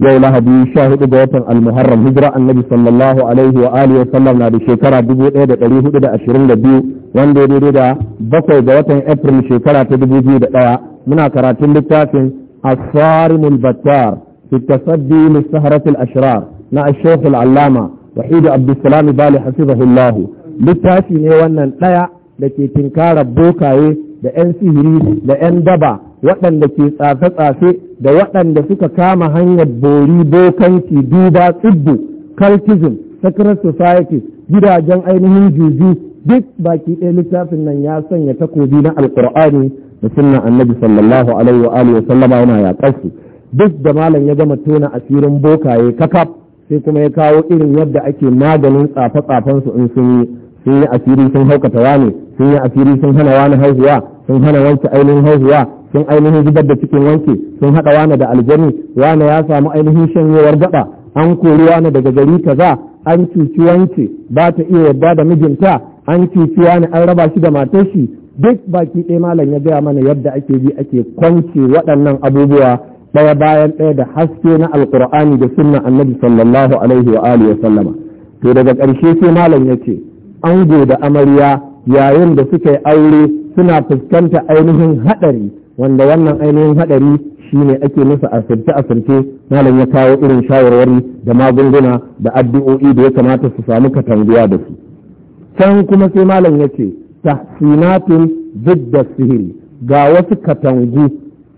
yau lahadi sha hudu ga watan almuharram hijira annabi sallallahu alaihi wa alihi wa sallam na da shekara dubu ɗaya da ɗari hudu da ashirin da biyu wanda ya daidai da bakwai ga watan april shekara ta dubu biyu da ɗaya muna karatun littafin asarim albattar fi tasaddi ashrar na ash-shaykh al-allama wahid abdussalam bali hafizahullah littafi ne wannan ɗaya da ke tinkara bokaye da 'yan sihiri da 'yan daba waɗanda ke tsafe-tsafe da waɗanda suka kama hanyar bori bokanci duba tsibbu cultism secret society gidajen ainihin juju duk baki ɗaya littafin nan ya sanya takobi na alkur'ani da sunna annabi sallallahu alaihi wa alihi sallama yana Ya su duk da malam ya gama tona asirin bokaye kakaf sai kuma ya kawo irin yadda ake maganin tsafe-tsafen su in sun yi sun yi asiri sun haukata wani sun yi asiri sun hana wani haihuwa sun hana wanke ainihin haihuwa sun ainihin zubar da cikin wanki sun haɗa wane da aljani wane ya samu ainihin shanyewar daɓa an kori wane daga gari kaza an cuci wance ba ta iya yadda da mijinta an cuci wane an raba shi da matar shi duk baki ɗaya malam ya gaya mana yadda ake bi ake kwance waɗannan abubuwa ɗaya bayan ɗaya da haske na alkur'ani da sunna annabi sallallahu alaihi wa alihi wa sallama to daga ƙarshe sai malam ya ce ango da amarya yayin da suka yi aure suna fuskanta ainihin haɗari wanda wannan ainihin haɗari shi ne ake musu asirce asirce malam ya kawo irin shawarwari da magunguna da addu'o'i da ya kamata su samu katanguwa da su can kuma sai malam ya ce sinatin da sihiri ga wasu katangu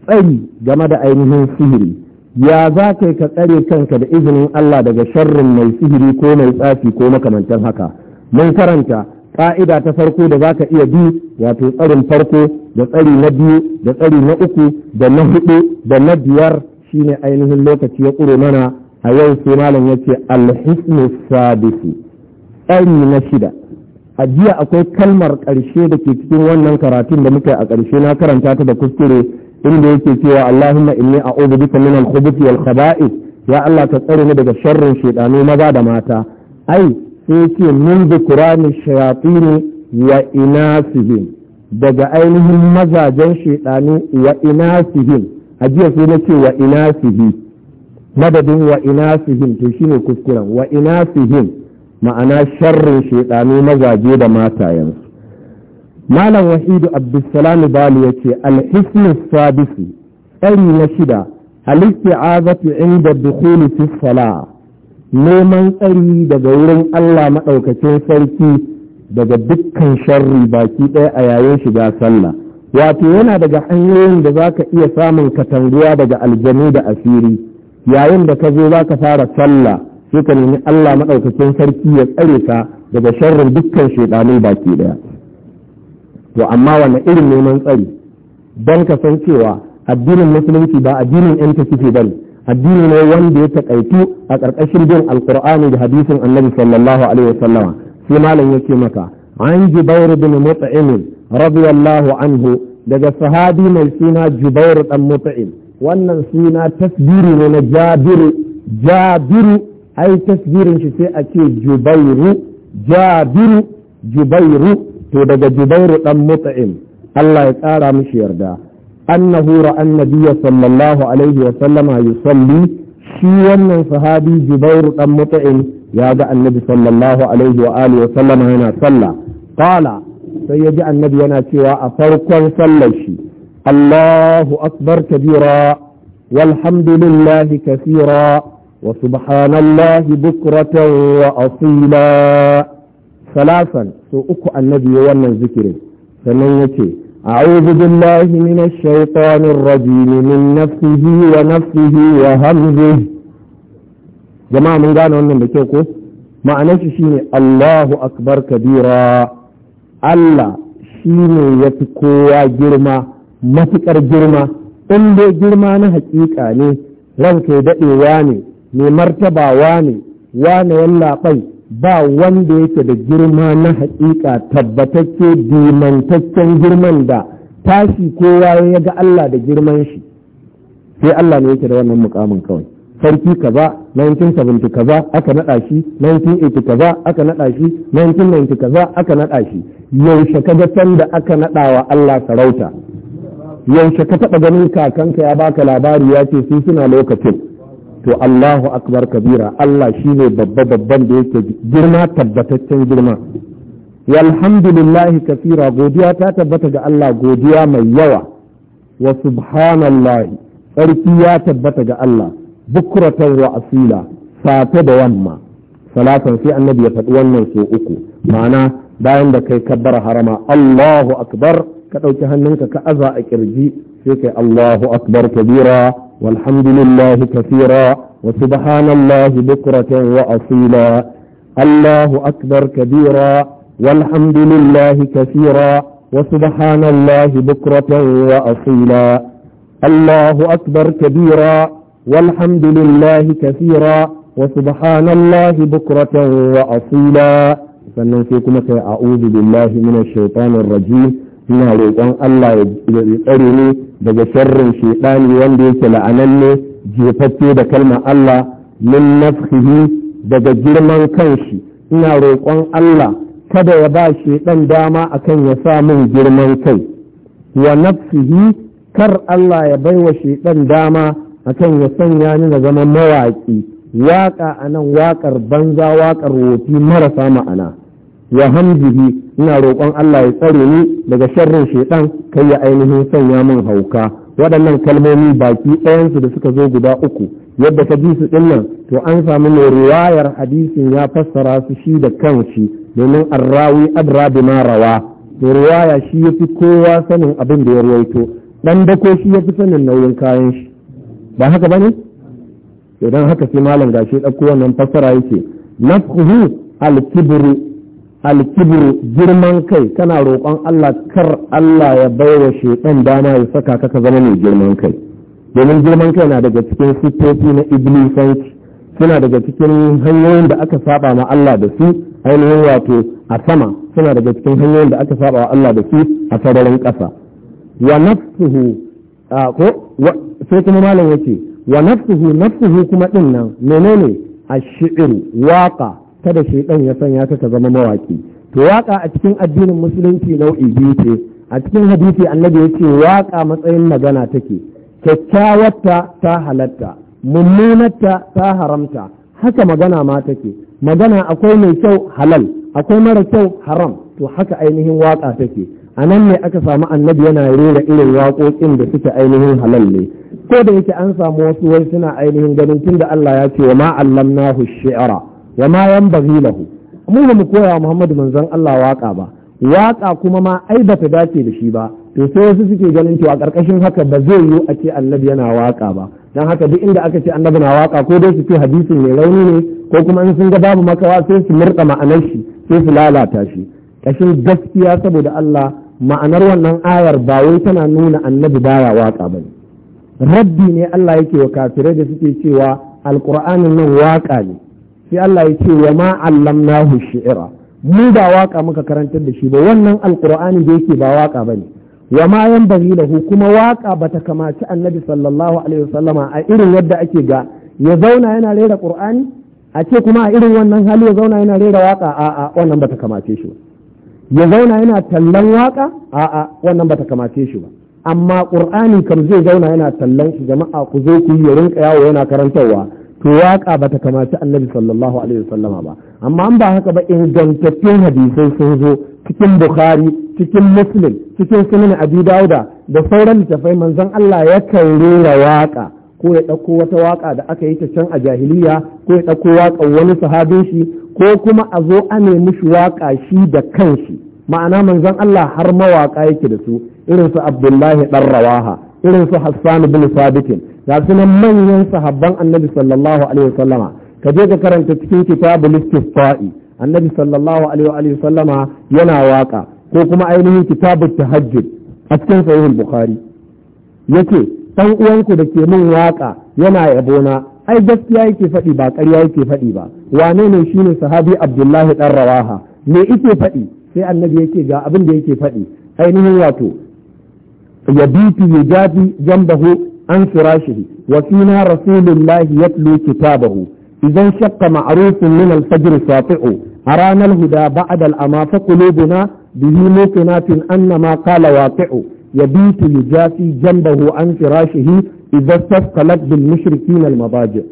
tsari game da ainihin sihiri ya za ka ka tsare kanka da izinin Allah daga sharrin mai sihiri ko mai tsafi ko makamantan haka mun karanta ƙa'ida ta farko da za ka iya bi wato tsarin farko da tsari na biyu da tsari na uku da na hudu da na biyar shine ainihin lokaci ya ƙure mana a yau sai malam ya ce alhisnu sabisi tsari na shida a jiya akwai kalmar ƙarshe da ke cikin wannan karatun da muka a ƙarshe na karanta ta da kuskure inda yake cewa Allahumma inni a'udhu bika min al-khubuthi wal khaba'ith ya Allah ka tsare ni daga sharrin shedanu maza da mata ai sai ce min zikrani shayatin wa inasihim daga ainihin mazajen shaidanu wa inasihim a jiya sai na ce wa inasihi madadin wa inasihim to shine kuskuren wa inasihim ma'ana sharrin shaidanu mazaje da matayensu malam wahidu abdulsalam bali ya ce alhisnu sabisi tsari na shida al-isti'azatu inda dukhuli fi salah neman tsari daga wurin Allah maɗaukacin sarki daga dukkan sharri baki ɗaya a yayin shiga sallah wato yana daga hanyoyin da za ka iya samun katanguwa daga aljanu da asiri yayin da ka zo za ka fara sallah sai ka nemi Allah maɗaukacin sarki ya tsare ka daga sharrin dukkan shaidanai baki ɗaya to amma wani irin neman tsari don ka san cewa addinin musulunci ba addinin yan tafi ba addini ne wanda ya taƙaitu a ƙarƙashin bin Alƙur'ani da hadisin annabi sallallahu alaihi wasallama sai malam yake maka an jubair bin mut'im radiyallahu anhu daga sahabi mai suna jubair dan mut'im wannan suna tasbiri ne na jabiru jabiru ai tasbirin shi sai a ce jubairu jabiru jubairu to daga jubairu dan mut'im Allah ya tsara mishi yarda annahu ra'a annabiyya sallallahu alaihi wa sallama yusalli shi wannan sahabi Jubairu dan Mut'im ya ga annabi sallallahu alaihi wa sallama yana sallah qala sai ya ji annabi yana cewa a farkon sallar shi Allahu akbar kabira walhamdulillahi kathira wa subhanallahi bukratan wa asila salasan sau uku annabi ya wannan zikirin sannan yace أعوذ بالله من الشيطان الرجيم من نفسه ونفسه وهمزه جماعة من قال أنهم بكيكو معنى شيني الله أكبر كبيرا الله شيني يتكوى جرما ما تكر جرما إن دي جرما نحقيقا ني ranke daɗewa واني mai واني واني ولا yallaɓai ba wanda yake da girma na haƙiƙa tabbatacce dimantaccen girman da tashi kowa ya ga Allah da girman shi sai Allah ne yake da wannan mukamin kawai sarki kaza 1970 kaza aka naɗa shi 1980 kaza aka naɗa shi 1990 kaza aka naɗa shi yaushe ka ga da aka naɗa wa Allah sarauta yaushe ka taɓa ganin kakanka ya baka labari ya ce su suna lokacin to Allahu akbar kabira Allah shine babba babban da yake girma tabbataccen girma walhamdulillahi kafira godiya ta tabbata ga Allah godiya mai yawa wa subhanallahi tsarki ya tabbata ga Allah bukratan wa asila safe da yamma salatan sai annabi ya faɗi wannan so uku ma'ana bayan da kai kabbar harama Allahu akbar ka ɗauki hannunka ka aza a kirji sai kai Allahu akbar kabira والحمد لله كثيرا وسبحان الله بكرة وأصيلا الله أكبر كبيرا والحمد لله كثيرا وسبحان الله بكرة وأصيلا الله أكبر كبيرا والحمد لله كثيرا وسبحان الله بكرة وأصيلا فننفيكم أعوذ بالله من الشيطان الرجيم ina roƙon Allah ya tsare ni daga sharrin shaidani wanda yake la'ananne jefaffe da kalmar Allah min nafsihi daga girman kanshi ina roƙon Allah kada ya ba shaidan dama akan ya sa min girman kai wa nafsihi kar Allah ya bai wa shaidan dama akan ya sanya ni na zama mawaƙi waƙa anan waƙar banza waƙar wofi marasa ma'ana wa hamdihi ina roƙon Allah ya tsare ni daga sharrin shaitan kai ya ainihin sanya min hauka waɗannan kalmomi baki ɗayansu da suka zo guda uku yadda ka ji su ɗinnan to an sami ne riwayar hadisin ya fassara su shi da kanshi domin arrawi adra ma rawa to riwaya shi yafi kowa sanin abin da ya rawaito dan dako shi yafi sanin nauyin kayan shi ba haka bane to dan haka sai malam gashi ɗauko wannan fassara yake nafhu al-kibru alkibru girman kai kana roƙon Allah kar Allah ya baiwa shedan dama ya saka ka ka zama mai girman kai domin girman kai na daga cikin siffofi na iblisanci suna daga cikin hanyoyin da aka saba ma Allah da su ainihin wato a sama suna daga cikin hanyoyin da aka saba wa Allah da su a sararin ƙasa wa nafsuhu ko sai kuma malam yake wa nafsuhu nafsuhu kuma din nan menene ashiru waqa kada shaidan ya sanya ta ta zama mawaki to waka a cikin addinin musulunci nau'i biyu ce a cikin hadisi annabi ya ce waka matsayin magana take kyakkyawarta ta halatta mummunarta ta haramta haka magana ma take magana akwai mai kyau halal akwai mara kyau haram to haka ainihin waka take a nan ne aka samu annabi yana rera irin waƙoƙin da suke ainihin halal ne ko da yake an samu wasu wai suna ainihin ganin tunda Allah ya ce wa ma'allam nahu shi'ara wa ma bari lahu mu ba mu koya Muhammadu manzon Allah waka ba waka kuma ma ai ba ta dace da shi ba to sai wasu suke ganin cewa a karkashin haka ba zai yiwu a ce annabi yana waka ba dan haka duk inda aka ce annabi na waka ko dai su ce hadisin mai rauni ne ko kuma in sun ga babu makawa sai su murda ma'anar shi sai su lalata shi kashin gaskiya saboda Allah ma'anar wannan ayar ba wai tana nuna annabi baya waka bane rabbi ne Allah yake wa kafirai da suke cewa alqur'anin nan waka ne sai Allah ya ce wa ma allamnahu shi'ra mu ba waka muka karantar da shi ba wannan alqur'ani da yake ba waka bane wa ma yanbaghi lahu kuma waka bata kamaci annabi sallallahu alaihi wasallama a irin yadda ake ga ya zauna yana rera qur'ani a ce kuma a irin wannan hali ya zauna yana rera waka a a wannan bata kamace shi ba ya zauna yana tallan waka a a wannan bata kamace shi ba amma qur'ani kam zai zauna yana tallan shi jama'a ku zo ku yi rinka yawo yana karantarwa to waka ba ta kamaci annabi sallallahu alaihi wasallama ba amma an ba haka ba ingantattun hadisai sun zo cikin bukhari cikin muslim cikin sunan abi dauda da sauran littafai manzon Allah ya kan rera waka ko ya ɗauko wata waka da aka yi ta can a jahiliya ko ya ɗauko waka wani sahabin shi ko kuma a zo a nemi shi waka shi da kanshi ma'ana manzon Allah har mawaka yake da su irin su Abdullahi dan Rawaha irin su Hassan bin Sabitin ga sunan manyan sahabban Annabi sallallahu alaihi wasallama ka je ka karanta cikin kitabul istifqa'i Annabi sallallahu alaihi wasallama yana waka ko kuma ainihin kitabut tahajjud a cikin sahih bukhari yace dan uwanku da ke min waka yana yabona ai gaskiya yake faɗi ba ƙarya yake faɗi ba wane ne shine sahabi Abdullahi dan Rawaha me yake faɗi sai annabi yake ga abin da yake faɗi ainihin wato yabitu yujabi jan an firashihi wa fina rasulullahi yatlu kitabahu idan shakka ma'rufun min a ranar safi'u arana al-huda ba'da al-ama fa qulubuna bihi muqinatin anna ma qala waqi'u yabitu yujafi jambahu an firashihi idan tasqalat bil mushrikin al-mabaji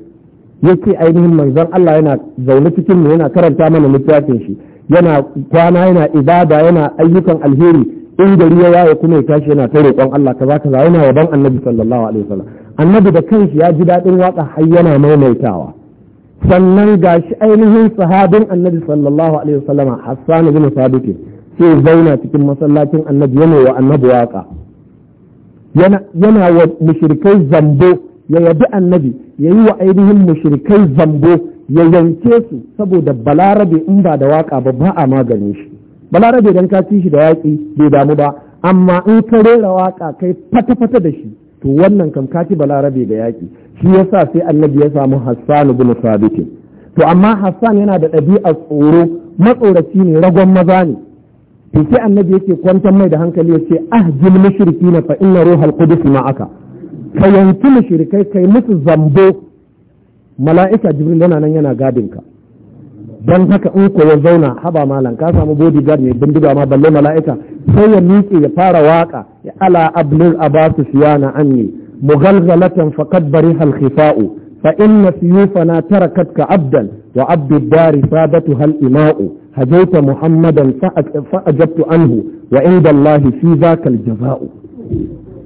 yake ainihin manzon Allah yana zaune cikin mu yana karanta mana littafin shi yana kwana yana ibada yana ayyukan alheri in gari ya yaye kuma ya tashi yana ta roƙon Allah kaza kaza yana ban annabi sallallahu alaihi wasallam annabi da kanshi ya ji daɗin waka har yana maimaitawa sannan gashi ainihin sahabin annabi sallallahu alaihi wasallam Hassan ibn Sabit sai zauna cikin masallacin annabi yana wa annabi waka yana yana wa mushrikai zambo ya yabi annabi yayi wa ainihin mushrikai zambo ya yanke su saboda balarabe in ba da waka ba ba a maganin shi balarabe dan ka ci shi da yaƙi bai damu ba amma in ka rera waƙa kai fata-fata da shi to wannan kam ka ci balarabe da yaƙi shi yasa sai annabi ya samu hassan ibn sabit to amma hassan yana da ɗabi'ar tsoro matsoraci ne ragon maza ne to sai annabi yake kwantar mai da hankali ya ce ahjil mushrikina fa inna ruhal qudus ma'aka ka yanki mushrikai kai musu zambo mala'ika jibril yana nan yana gadin ka don haka in ko ya zauna haba malam ka samu bodyguard mai bindiga ma balle mala'ika sai ya miƙe ya fara waka ya ala abnul abasu siyana anni mughalghalatan faqad bariha al-khifa'u fa inna siyufana tarakat ka abdan wa abdu dari sabatu hal ima'u hajaita muhammadan fa ajabtu anhu wa inda allahi fi zaka al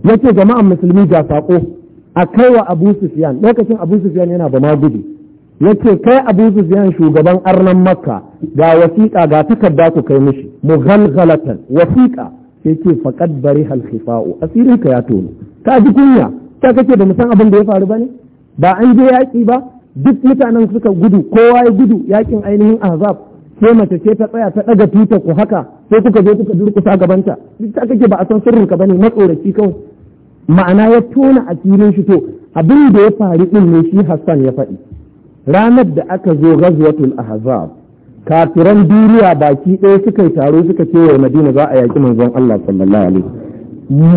yace jama'an musulmi ga sako a kaiwa abu sufyan lokacin abu sufyan yana ba ma gudu yace kai Abu Sufyan shugaban arnan Makka ga wasiƙa ga takarda ku kai mishi mughalghalatan wasiƙa ce faqad bari hal khifa'u asirin ka ya tono ka ji kunya ta kake da musan abin da ya faru bane ba an je yaƙi ba duk mutanen suka gudu kowa ya gudu yaƙin ainihin azab sai mace ce ta tsaya ta ɗaga tutar ku haka sai kuka je kuka durkusa gabanta duk ta kake ba a san sirrin ka bane matsoraci kawai ma'ana ya tona asirin shi to abin da ya faru ɗin ne shi Hassan ya faɗi ranar da aka zo ghazwatul ahzab kafiran duniya baki ɗaya suka yi taro suka ce wa madina za a yaƙi manzon Allah sallallahu alaihi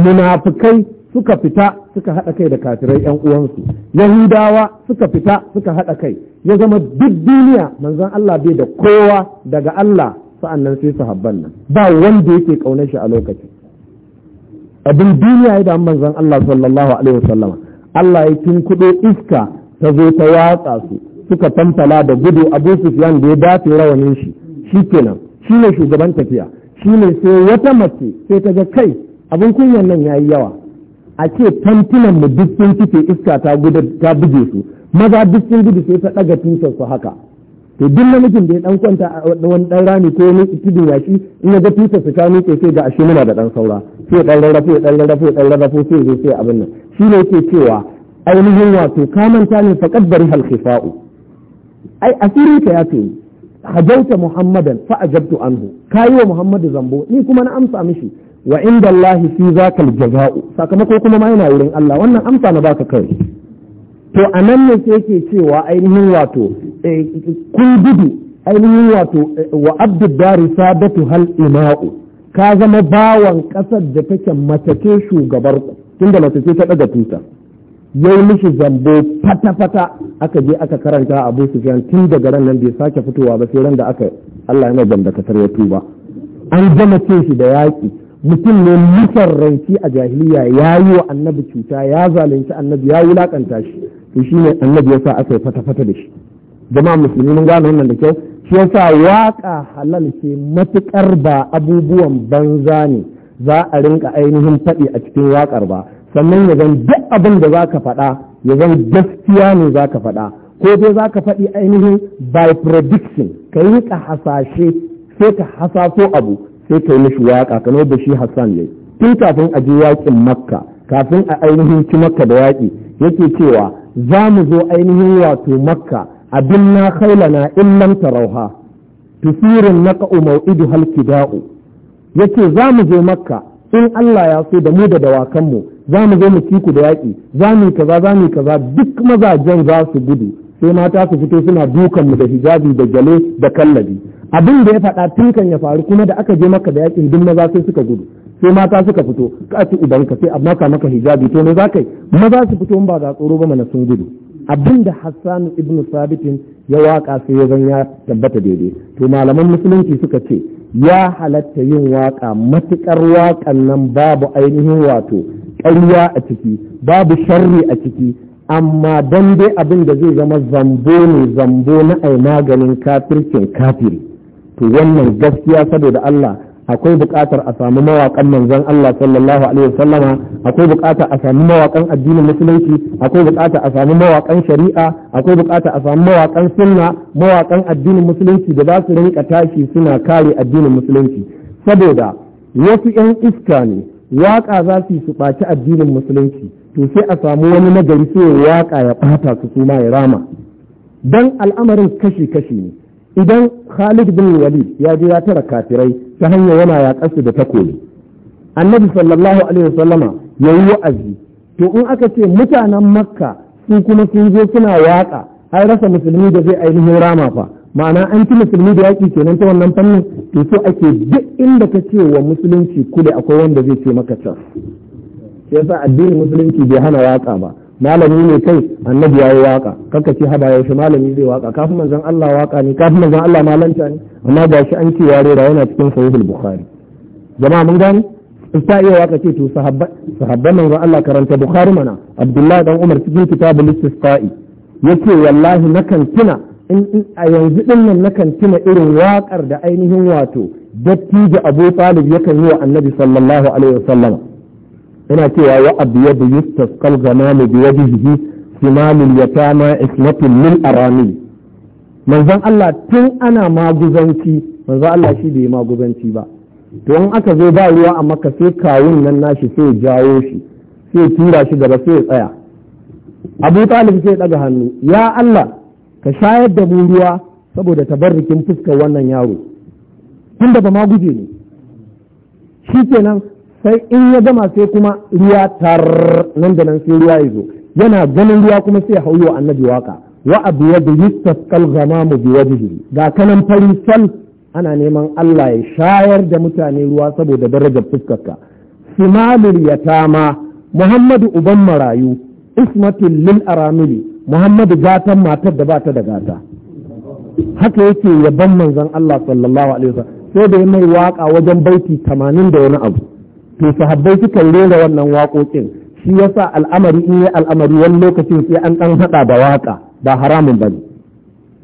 munafikai suka fita suka haɗa kai da kafirai yan uwansu yahudawa suka fita suka haɗa kai ya zama duk duniya manzon Allah bai da kowa daga Allah sa'annan sai sahabban nan ba wanda yake kaunar shi a lokacin abin duniya ya da manzon Allah sallallahu alaihi wasallama Allah ya tunkuɗo iska ta zo ta watsa su suka fantala da gudu abu sufyan da ya dace rawanin shi shikenan shi ne shugaban tafiya shi ne sai wata mace sai ta ga kai abin kunyan nan yayi yawa a ce tantunan mu duk sun cike iska ta gudu ta buge su maza duk sun gudu sai ta daga tusar su haka to duk namijin da ya dan kwanta a wani dan rami ko wani tudun yaki in ya ga tusar su ta nuke sai ga ashe muna da dan saura sai dan rarrafo ya dan rarrafo ya dan rarrafo sai zo sai abin nan shi ne yake cewa ainihin wato kamanta ne faqad bari hal khifa'u ai asirinka ya toyi hajauta muhammadan fa ajabtu anhu kayi wa muhammadu zambo ni kuma na amsa mishi wa inda allahi fi zaka aljaza'u sakamako kuma ma yana wurin Allah wannan amsa na baka kai to anan ne sai yake cewa ainihin wato eh, kun gudu ainihin wato eh, wa abdu dari sadatu hal ima'u ka zama bawan kasar da take matake shugabar ku tunda matake ta daga tuta ya yi mishi zambo fata-fata aka je aka karanta abu sufyan tun daga ran nan bai sake fitowa ba sai ran da aka Allah ya mai da kasar ya tuba an gama ce shi da yaƙi mutum ne musarranci a jahiliya ya yi wa annabi cuta ya zalunci annabi ya wulakanta shi to shi ne annabi ya sa aka yi fata-fata da shi jama'a musulmi mun gane wannan da kyau shi ya sa waƙa halal ce matuƙar ba abubuwan banza ne za a rinka ainihin faɗi a cikin waƙar ba sannan ya zan duk abin da za ka faɗa ya zan gaskiya ne za ka faɗa ko dai za ka faɗi ainihin by prediction ka yi ka hasashe sai ka hasaso abu sai ka yi mishi waƙa kamar da shi hassan ne tun kafin a je yaƙin makka kafin a ainihin ci makka da yaƙi yake cewa za mu zo ainihin wato makka abin na khailana in lam tarauha tusirin idu halki da'u yace za mu zo makka in Allah ya so da mu da dawakanmu za mu zo mu ci ku da yaƙi za mu yi kaza za mu yi kaza duk mazajen za su gudu sai mata su fito suna dukan mu da hijabi da gyale da kallabi abin da ya faɗa tun kan ya faru kuma da aka je maka da yaƙin duk maza sai suka gudu sai mata suka fito ka ci ubanka sai a maka maka hijabi to ne za ka yi maza su fito ba ga tsoro ba mana sun gudu abin da Hassan ibn Sabitin ya waka sai ya zan ya tabbata daidai to malaman musulunci suka ce ya halatta yin waƙa matuƙar waƙan nan babu ainihin wato ƙarya a ciki babu sharri a ciki amma don dai abin da zai zama zambo ne zambo na ai maganin kafircin kafiri to wannan gaskiya saboda Allah akwai buƙatar a samu mawaƙan manzon Allah sallallahu alaihi sallama) akwai buƙatar a samu mawaƙan addinin musulunci akwai buƙatar a samu mawaƙan shari'a akwai buƙatar a samu mawaƙan sunna mawaƙan addinin musulunci da za su rinka tashi suna kare addinin musulunci saboda wasu 'yan iska ne waƙa za su su ɓaci addinin musulunci to sai a samu wani nagari sai waƙa ya ɓata su kuma ya rama dan al'amarin kashi-kashi ne idan Khalid bin Walid ya je ya tara kafirai ta hanyar yana kasu da takobi annabi sallallahu alaihi wasallama ya yi wa'azi to in aka ce mutanen makka su kuma sun zo suna waƙa ai rasa musulmi da zai ainihin rama fa ma'ana an ci musulmi da yaƙi kenan ta wannan fannin to so ake duk inda ka ce wa musulunci kule akwai wanda zai ce maka can yasa addinin musulunci bai hana waƙa ba malami ne kai annabi ya yi waka kaka ce haba yaushe malami zai waka kafin manzon Allah waka ne kafin manzon Allah malanta ne amma ga shi an ce ya rera yana cikin sahihul bukhari jama'a mun gani in ta iya waka ce to sahabba sahabban manzon Allah karanta bukhari mana abdullahi dan umar cikin kitabul istisqa'i yace wallahi nakan tuna in a yanzu din nan nakan tuna irin wakar da ainihin wato dattijo Abu Talib yakan yi wa Annabi sallallahu alaihi wasallam yana cewa wa abyadu yustasqal ghamam bi wajhihi simalul yatama ismatun min arami manzan Allah tun ana maguzanci manzan Allah shi bai maguzanci ba to in aka zo ba ruwa a maka sai kawun nan nashi sai jawo shi sai tura shi gaba sai tsaya abu talib sai daga hannu ya Allah ka shayar da mu ruwa saboda tabarrukin fuskar wannan yaro tunda ba ma guje ne shikenan sai in ya gama sai kuma ruwa tar nan da nan sai ruwa ya zo yana ganin ruwa kuma sai ya hauyo annabi waka wa abu ya da yustasqal mu bi ga kanan fari sal ana neman Allah ya shayar da mutane ruwa saboda darajar fuskarka simalul yatama muhammadu uban marayu ismatul lil aramili muhammadu gatan matar da bata da gata haka yake yaban manzon Allah sallallahu alaihi wasallam sai da ya mai waka wajen baiti tamanin da wani abu to sahabbai sukan rera wannan waƙoƙin shi yasa al'amari in yi al'amari wani lokacin sai an ɗan haɗa da waƙa ba haramun ba ne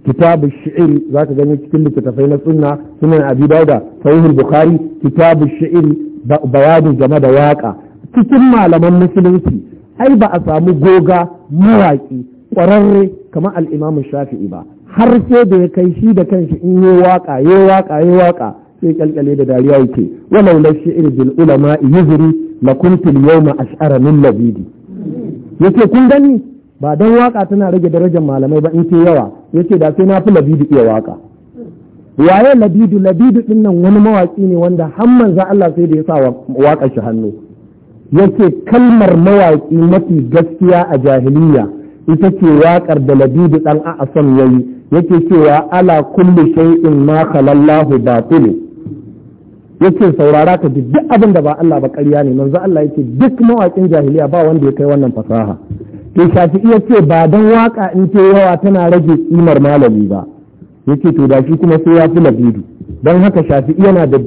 kitabu shi'iri za ka gani cikin littattafai na sunna sunan abi dauda sahihul bukhari kitabu shi'iri bayani game da waƙa cikin malaman musulunci ai ba a samu goga mawaƙi ƙwararre kamar al'imamin shafi'i ba har sai da ya kai shi da kanshi in yi waƙa yi waƙa yi waƙa sai kyalkyale da dariya yake walau la shi'r bil ulama yuzri la kuntu al yawma ash'ara min labidi yace kun gani ba dan waka tana rage darajar malamai ba in ce yawa yace da sai na fi labidi iya waka waye labidu labidu din nan wani mawaki ne wanda hamman za Allah sai da ya sa waka shi hannu yace kalmar mawaki mafi gaskiya a jahiliya ita ce waƙar da labidu ɗan a'asam ya yi yake cewa ala kulli shay'in ma khalallahu batilu yake saurara ka ji duk abin da ba Allah ba ƙarya ne manzo Allah yake duk mawaƙin jahiliya ba wanda ya kai wannan fasaha to shafi iya ce ba dan waka in ce yawa tana rage tsimar malami ba yake to da shi kuma sai ya fi labidu don haka shafi'i yana da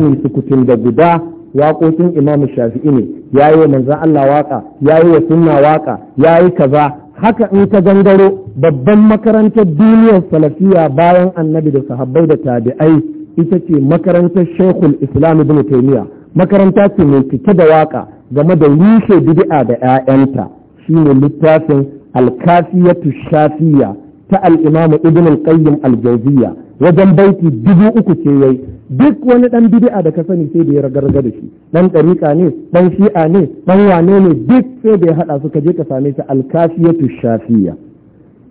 ne sukutun da guda waƙoƙin imamu shafi'i ne ya yi wa Allah waƙa ya yi wa sunna waƙa ya yi kaza haka in ka gangaro babban makarantar duniyar salafiya bayan annabi da sahabbai da tabi'ai ita ce makarantar shekul islam ibn taimiyya makaranta ce mai cike da waka game da rushe bid'a da 'ya'yanta shine littafin alkafiyatu shafiya ta al'imamu ibn al-qayyim al-jawziya wajen baiti dubu uku ce yayi duk wani dan bid'a da ka sani sai da ya ragarga da shi dan ɗariƙa ne dan shi'a ne dan wane ne duk sai da ya haɗa su ka je ka same ta alkafiyatu shafiya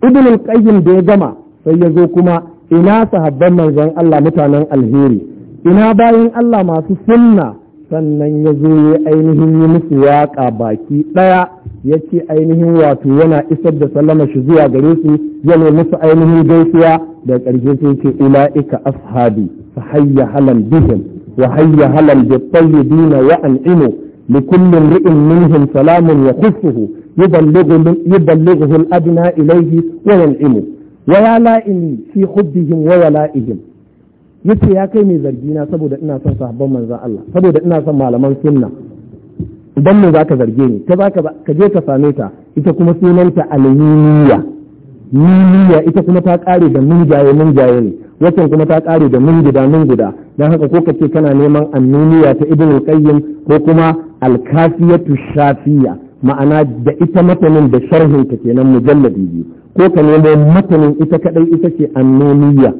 ibn al-qayyim da ya gama sai ya zo kuma ina sahabban manzon Allah mutanen alheri ina bayan Allah masu sunna sannan ya zo ya ainihin yi musu waƙa baki ɗaya ya ce ainihin wato yana isar da sallama shi zuwa gare su yana musu ainihin gaisuwa da ƙarshe sai ce ula'ika ashabi fa hayya halan bihim wa hayya halan bi tayyibina wa an'imu li kulli imri'in minhum salamun yakhuffuhu yuballighu yuballighu al-adna ilayhi wa yan'imu Waya ya la'ini fi hubbihim wa wala'ihim yace ya kai mai zargi na saboda ina son sahabban manzon Allah saboda ina son malaman sunna idan mu zaka zarge ni ta zaka ka je ka same ta ita kuma sunanta aliniya niniya ita kuma ta kare da munjaye munjaye ne wacan kuma ta kare da mun guda mun guda dan haka ko kace kana neman annuniya ta ibn qayyim ko kuma al-kafiyatu shafiya ma'ana da ita matanin da sharhin ta kenan mujalladi biyu ko ka nemo matanin ita kadai ita ce annoniya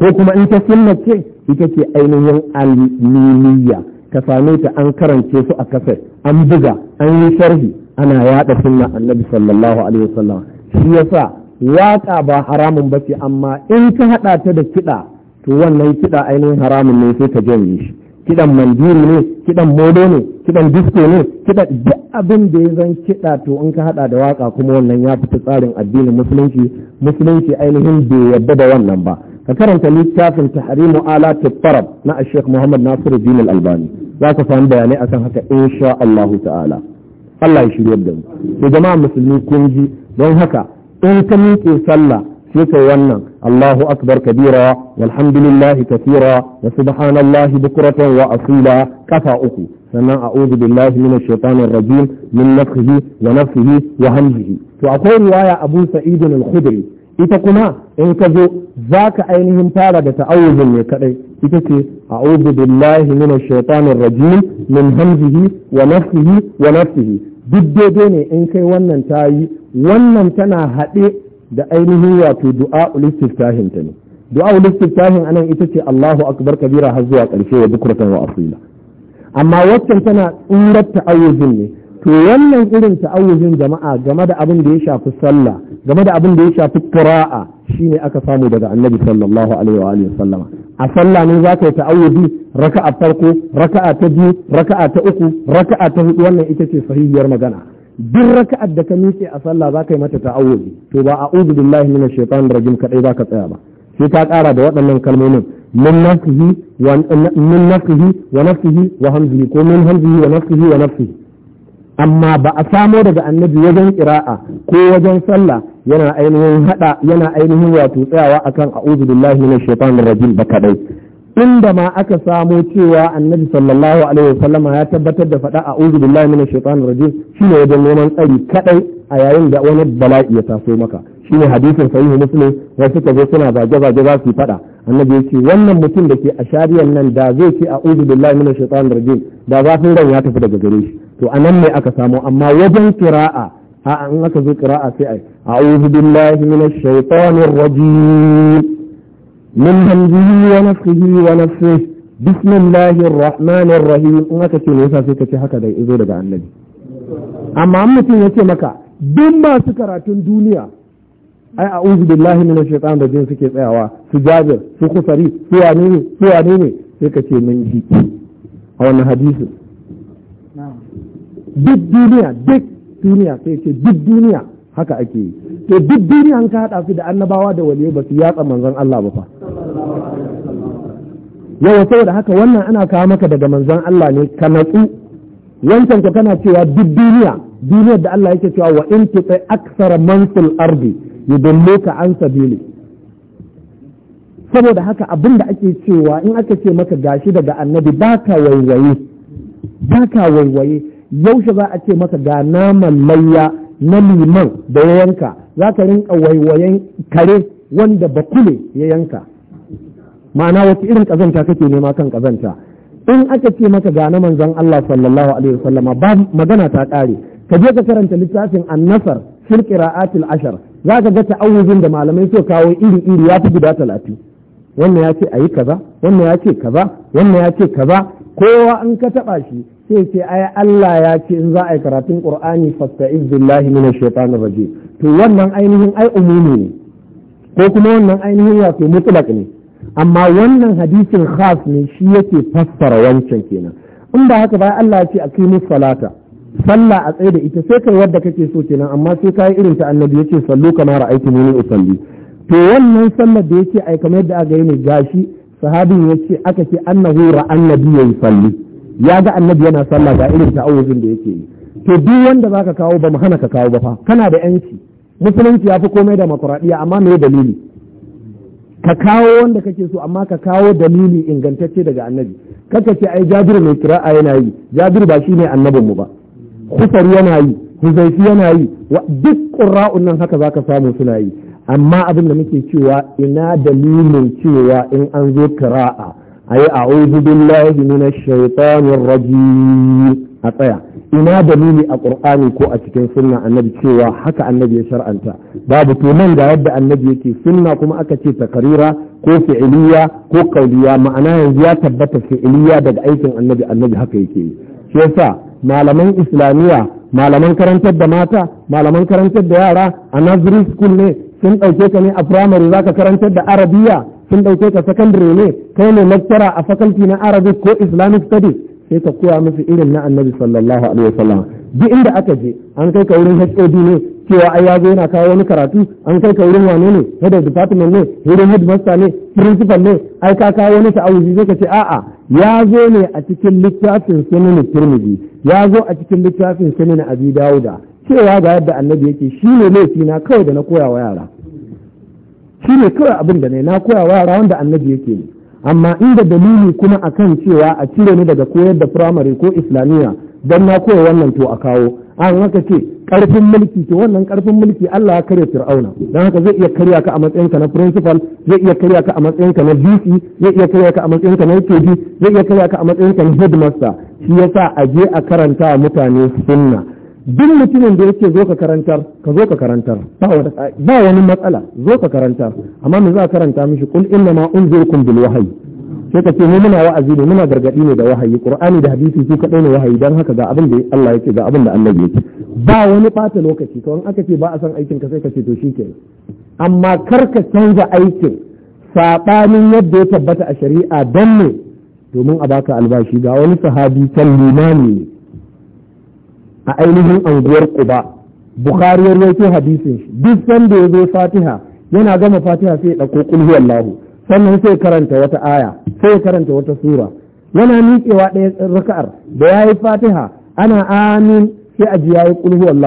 ko kuma in ta sunna ce ita ce ainihin alminiya ka same ta an karance su a kasar an buga an yi sharhi ana yada sunna annabi sallallahu alaihi wasallam shi yasa waƙa ba haramun ba ce amma in ka haɗa ta da kiɗa to wannan kiɗa ainihin haramun ne sai ka janye shi kidan mandiri ne kidan modo ne kidan disco ne kidan duk abin da ya zan kiɗa to in ka haɗa da waka kuma wannan ya fita tsarin addinin musulunci musulunci ainihin bai yadda da wannan ba ka karanta littafin tahrimu ala tarab na Sheikh Muhammad Nasiru Din Albani za ka samu bayanai akan haka in insha Allah ta'ala Allah ya shiryar da mu to jama'a musulmi kun ji don haka in ka miƙe sallah sai wannan Allahu akbar kabira walhamdulillahi kathira wa subhanallahi bukratan wa asila kafa uku sannan a'udhu billahi minash shaitanir rajim min nafsihi wa nafsihi wa hamzihi to akwai riwaya Abu Sa'id al-Khudri ita kuma in ka zo zaka ainihin fara da ta'awuzin ne kadai ita ce a'udhu billahi minash shaitanir rajim min hamzihi wa nafsihi wa nafsihi duk daidai ne in kai wannan tayi wannan tana haɗe da ainihin wato du'a ulistiftahin ta ne du'a ulistiftahin anan ita ce Allahu akbar kabira har zuwa karshe wa bukratan wa asila amma waccan tana tsurar ta'awuzin ne to wannan irin ta'awuzin jama'a game da abin da ya shafi sallah game da abin da ya shafi qira'a shine aka samu daga annabi sallallahu alaihi wa alihi sallama a sallah ne za ka yi ta'awudi raka'a farko raka'a ta biyu raka'a ta uku raka'a ta hudu wannan ita ce sahihiyar magana duk raka'ar da ka miƙe a sallah za ka yi mata ta'awuzi to ba a a'udhu billahi minash shaitan rajim kadai za ka tsaya ba sai ka ƙara da waɗannan kalmomin min nafsihi wa nafihi nafsihi wa nafsihi hamzihi ko min hamzihi wa nafsihi wa nafsihi amma ba a samo daga annabi wajen ƙira'a ko wajen sallah yana ainihin hada yana ainihin wato tsayawa akan a'udhu billahi minash shaitanir rajim ba kadai inda ma aka samo cewa annabi sallallahu alaihi wasallama ya tabbatar da faɗa a uzu billahi min shaitan rajim shine wajen neman tsari kadai a yayin da wani bala'i ya taso maka shine hadisin sahihu muslim wasu kaza zo suna zage zage za su faɗa annabi ya ce wannan mutum da ke a shari'an nan da zai ce a uzu billahi min shaitan rajim da zafin ran ya tafi daga gare shi to anan ne aka samo amma wajen kira'a a an aka zo kira'a sai a a'udhu billahi minash shaitanir rajim من همزه ونفخه ونفخه بسم الله الرحمن الرحيم ان aka ce ne yasa sai kace haka da izo daga annabi amma an mutum ya ce maka duk masu karatun duniya ai a billahi min shaitan da jin suke tsayawa su jabir su kusari su wane ne su wane ne sai kace mun ji a wannan hadisi duk duniya duk duniya sai ce duk duniya haka ake yi to duk duniya an ka hada su da annabawa da waliyai ba su yatsa manzon Allah ba fa yawa saboda haka wannan ana kawo maka daga manzon Allah ne ka natsu wancan ka tana cewa duk duniya duniyar da Allah yake cewa wa in tuti aksara man fil ardi yudilluka an sabili saboda haka abin da ake cewa in aka ce maka gashi daga annabi ba ka waiwaye baka waiwaye yaushe za a ce maka ga naman layya na liman da ya yanka za ka rinka waiwayen kare wanda bakule ya yanka ma'ana wata irin kazanta kake nema kan kazanta in aka ce maka ga na manzon Allah sallallahu alaihi wasallama ba magana ta kare ka je ka karanta littafin annasar fil qira'atil ashar zaka ga ta'awuzin da malamai so kawo iri iri ya fi guda talatin wannan ya ce ayi kaza wannan ya ce kaza wannan ya ce kaza kowa an ka taba shi sai ce ai Allah ya ce in za a yi karatun Qur'ani fasta'iz billahi minash shaitanir rajim to wannan ainihin ai umumi ne ko kuma wannan ainihin wato mutlaq ne amma wannan hadisin khas ne shi yake fassara wancan kenan in ba haka ba Allah ya ce aqimus salata sallah a tsaye da ita sai kai wadda kake so kenan amma sai kai irin ta annabi yace sallu kama ra'aytumuni usalli to wannan sallar da yake ai kamar yadda aka yi ne gashi sahabin yace aka ce annahu annabi yayi salli ya ga annabi yana sallah ga irin ta ta'awuzin da yake yi to duk wanda zaka kawo ba mu hana ka kawo ba fa kana da yanci musulunci ya fi komai da makuraɗiya amma me dalili ka kawo wanda kake so amma ka kawo dalili ingantacce daga annabi kaka ce ai jabir mai kira'a yana yi jabir ba shine annabin mu ba kufar yana yi huzaifi yana yi duk qurra'un nan haka zaka samu suna yi amma abin da muke cewa ina dalilin cewa in an zo kira'a ayi a'udhu billahi minash shaitanir rajim a tsaya ina dalili a ƙur'ani ko a cikin sunna annabi cewa haka annabi ya shar'anta babu to nan ga yadda annabi yake sunna kuma aka ce takarira ko fi'iliya ko kauliya ma'ana yanzu ya tabbata fi'iliya daga aikin annabi annabi haka yake yi shi yasa malaman islamiyya malaman karantar da mata malaman karantar da yara a nursery school ne sun ɗauke ka ne a primary zaka karantar da arabiya sun ɗauke ka secondary ne kai ne lecturer a faculty na arabic ko islamic studies sai ka koya musu irin na annabi sallallahu alaihi wasallam duk inda aka je an kai ka wurin HOD ne cewa ai yazo yana kawo wani karatu an kai ka wurin wane ne head of department ne wurin headmaster ne principal ne ai ka kawo wani ta'awuzi sai ka ce a'a yazo zo ne a cikin littafin sunan Tirmidhi ya a cikin littafin sunan Abi Dawuda cewa ga yadda annabi yake shi ne laifi na kawai da na koya wa yara shi ne kawai abin da ne na koya wa yara wanda annabi yake ne amma inda dalili kuma a kan cewa a cire ni daga koyar da firamare ko islamiyya don na koya wannan to a kawo an haka ce karfin mulki to wannan karfin mulki Allah ya karya fir'auna don haka zai iya karya ka a matsayinka na principal zai iya karya ka a matsayinka na VC zai iya karya ka a matsayinka na KD zai iya karya ka a matsayinka na headmaster shi yasa a je a karanta mutane sunna duk mutumin da yake zo ka karantar ka zo ka karantar ba wani matsala zo ka karantar amma mu za ka karanta mishi kul inna ma unzirukum bil wahyi sai ka ce mu muna wa'azi ne muna gargadi ne da wahayi qur'ani da hadisi su kadai ne wahayi dan haka ga abin da Allah yake ga abin da Allah yake ba wani bata lokaci to in aka ce ba a san aikin ka sai ka ce to shikenan amma kar ka canza aikin sabanin yadda ya tabbata a shari'a dan ne domin a baka albashi ga wani sahabi kan limami ne a ainihin anguwar ƙuba, Bukhari ya rawaito hadisin shi duk sanda ya zo Fatiha yana gama Fatiha sai ya dauko kulhu lahu sannan sai karanta wata aya sai ya karanta wata sura yana miƙewa ɗaya raka'ar da yayi Fatiha ana amin sai a ji yayi kul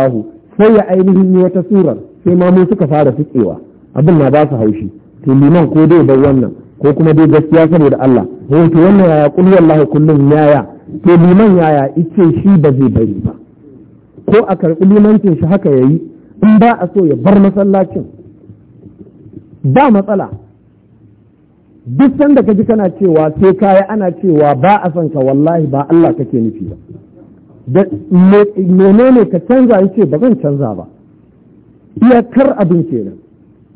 sai ya ainihin yi wata surar sai ma mu suka fara fikewa abin na ba su haushi to liman ko dai bar wannan ko kuma dai gaskiya saboda Allah to wannan yaya kulhu lahu kullum yaya to liman yaya ice shi ba zai bari ba ko a karɓi limancin shi haka ya yi in ba a so ya bar masallacin ba matsala duk sanda ka ji kana cewa sai kaya ana cewa ba a son ka wallahi ba Allah kake nufi ba menene ka canza ya ce ba zan canza ba iyakar abin kenan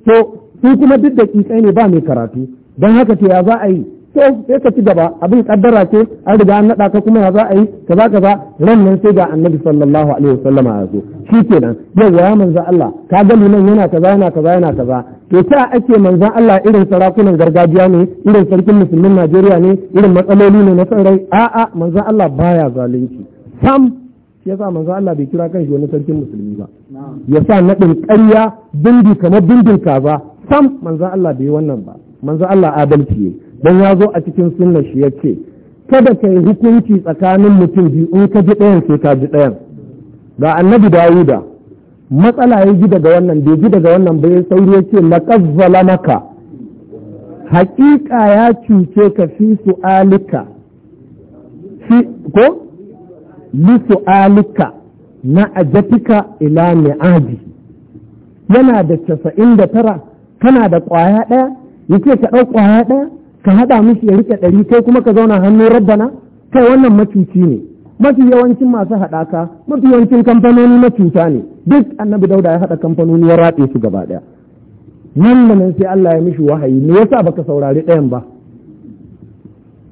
to sun kuma duk da ne ba mai karatu don haka to ya za a yi to sai ka ci gaba abin kaddara ce an riga an nada ka kuma ya za a yi kaza kaza ran nan sai ga annabi sallallahu alaihi wasallama a zo shi kenan yau ya manza Allah ka ga nan yana kaza yana kaza yana kaza to ta ake manzon Allah irin sarakunan gargajiya ne irin sarkin musulmin Najeriya ne irin matsaloli ne na sarai a'a manzon Allah baya zalunci sam yasa manzon Allah bai kira kanshi wani sarkin musulmi ba yasa naɗin ƙarya bindi kamar bindin kaza sam manzon Allah bai wannan ba manzon Allah adalci ne don ya zo a cikin sunnar shi ya ce, kada ka yi hukunci tsakanin mutum biyu in ka ji ɗayan sai ka ji ɗayan ga annabi dawuda matsala ya ji daga wannan bai ji daga wannan bai sauri ya yace laqad zalamaka haƙiƙa ya cuce ka fi su'alika fi ko li su'alika na ajatika ila aji. yana da casa'in da tara kana da ƙwaya ɗaya ce ka ɗau ƙwaya ɗaya ka haɗa mishi ya rike ɗari kai kuma ka zauna hannun rabbana kai wannan macuci ne mafi yawancin masu haɗaka mafi yawancin kamfanoni macuta ne duk annabi dauda ya haɗa kamfanoni ya ratse su gaba ɗaya nan da nan sai Allah ya mishi wahayi me yasa baka saurari ɗayan ba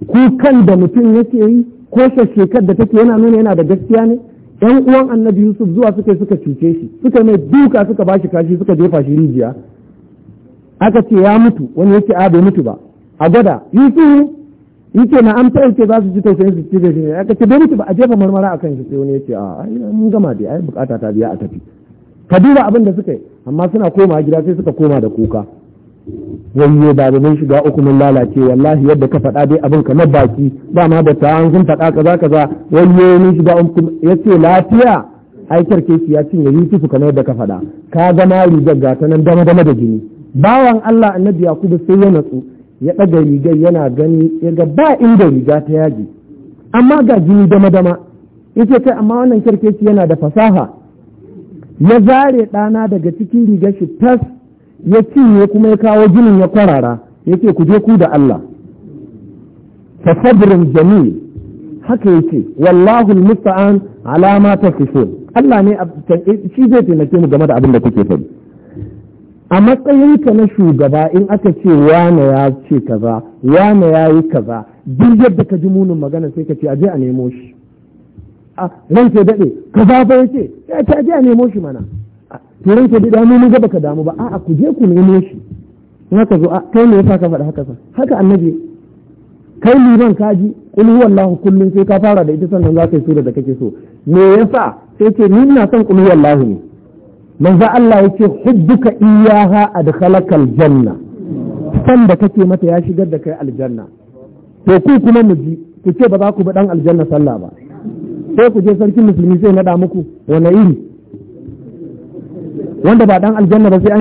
kukan da mutum yake yi ko shekar da take yana nuna yana da gaskiya ne yan uwan annabi yusuf zuwa suka suka cuce shi suka mai duka suka bashi kashi suka jefa shi rijiya aka ce ya mutu wani yake a bai mutu ba a gwada yi yake na amsa yake za su ci tausayin su ci da shi aka ce mutu ba a jefa marmara a kan shi sai wani ya ce a mun gama dai ai bukata ta biya a tafi ka duba abin da suka yi amma suna koma gida sai suka koma da kuka wani ba da mun shiga uku mun lalace wallahi yadda ka faɗa dai abin kamar baki ba ma da ta'an sun faɗa kaza kaza wani mun shiga uku ce lafiya ai karkeci ya cinye yusufu kamar yadda ka faɗa ka gama rigar gata nan dama dama da jini bawan Allah annabi Yakubu sai ya natsu ya ɗaga rigar yana gani ya ga ba inda riga ta yaji, amma ga jini dama dama yace kai amma wannan kirkeci yana da fasaha ya zare ɗana daga cikin rigar shi tas ya cinye kuma ya kawo jinin ya kwarara yake ku je ku da Allah fa sabrun jamil haka yake wallahu musta'an ala ma tasifun Allah ne shi zai taimake mu game da abin da kuke faɗi a matsayinka na shugaba in aka ce wane ya ce kaza wane ya yi kaza duk yadda ka ji munin magana sai ka ce aje a nemo shi a ranke daɗe kaza ba ya ce ya ta aje a nemo shi mana to ranke daɗe mu mun gaba ka damu ba a'a ku je ku nemo shi in haka zo a kai ne yasa ka faɗa haka sa haka annabi kai liman ka ji kul huwallahu kullum sai ka fara da ita sannan za ka yi sura da kake so me yasa sai ce ni ina son kul huwallahu ne manzo Allah ya yake hubbuka iyaha adkhalakal janna san da kake mata ya shigar da kai aljanna to ku kuma mu ji ku ce ba za ku bi dan aljanna sallah ba sai ku je sarkin musulmi zai nada muku wani iri wanda ba dan aljanna ba sai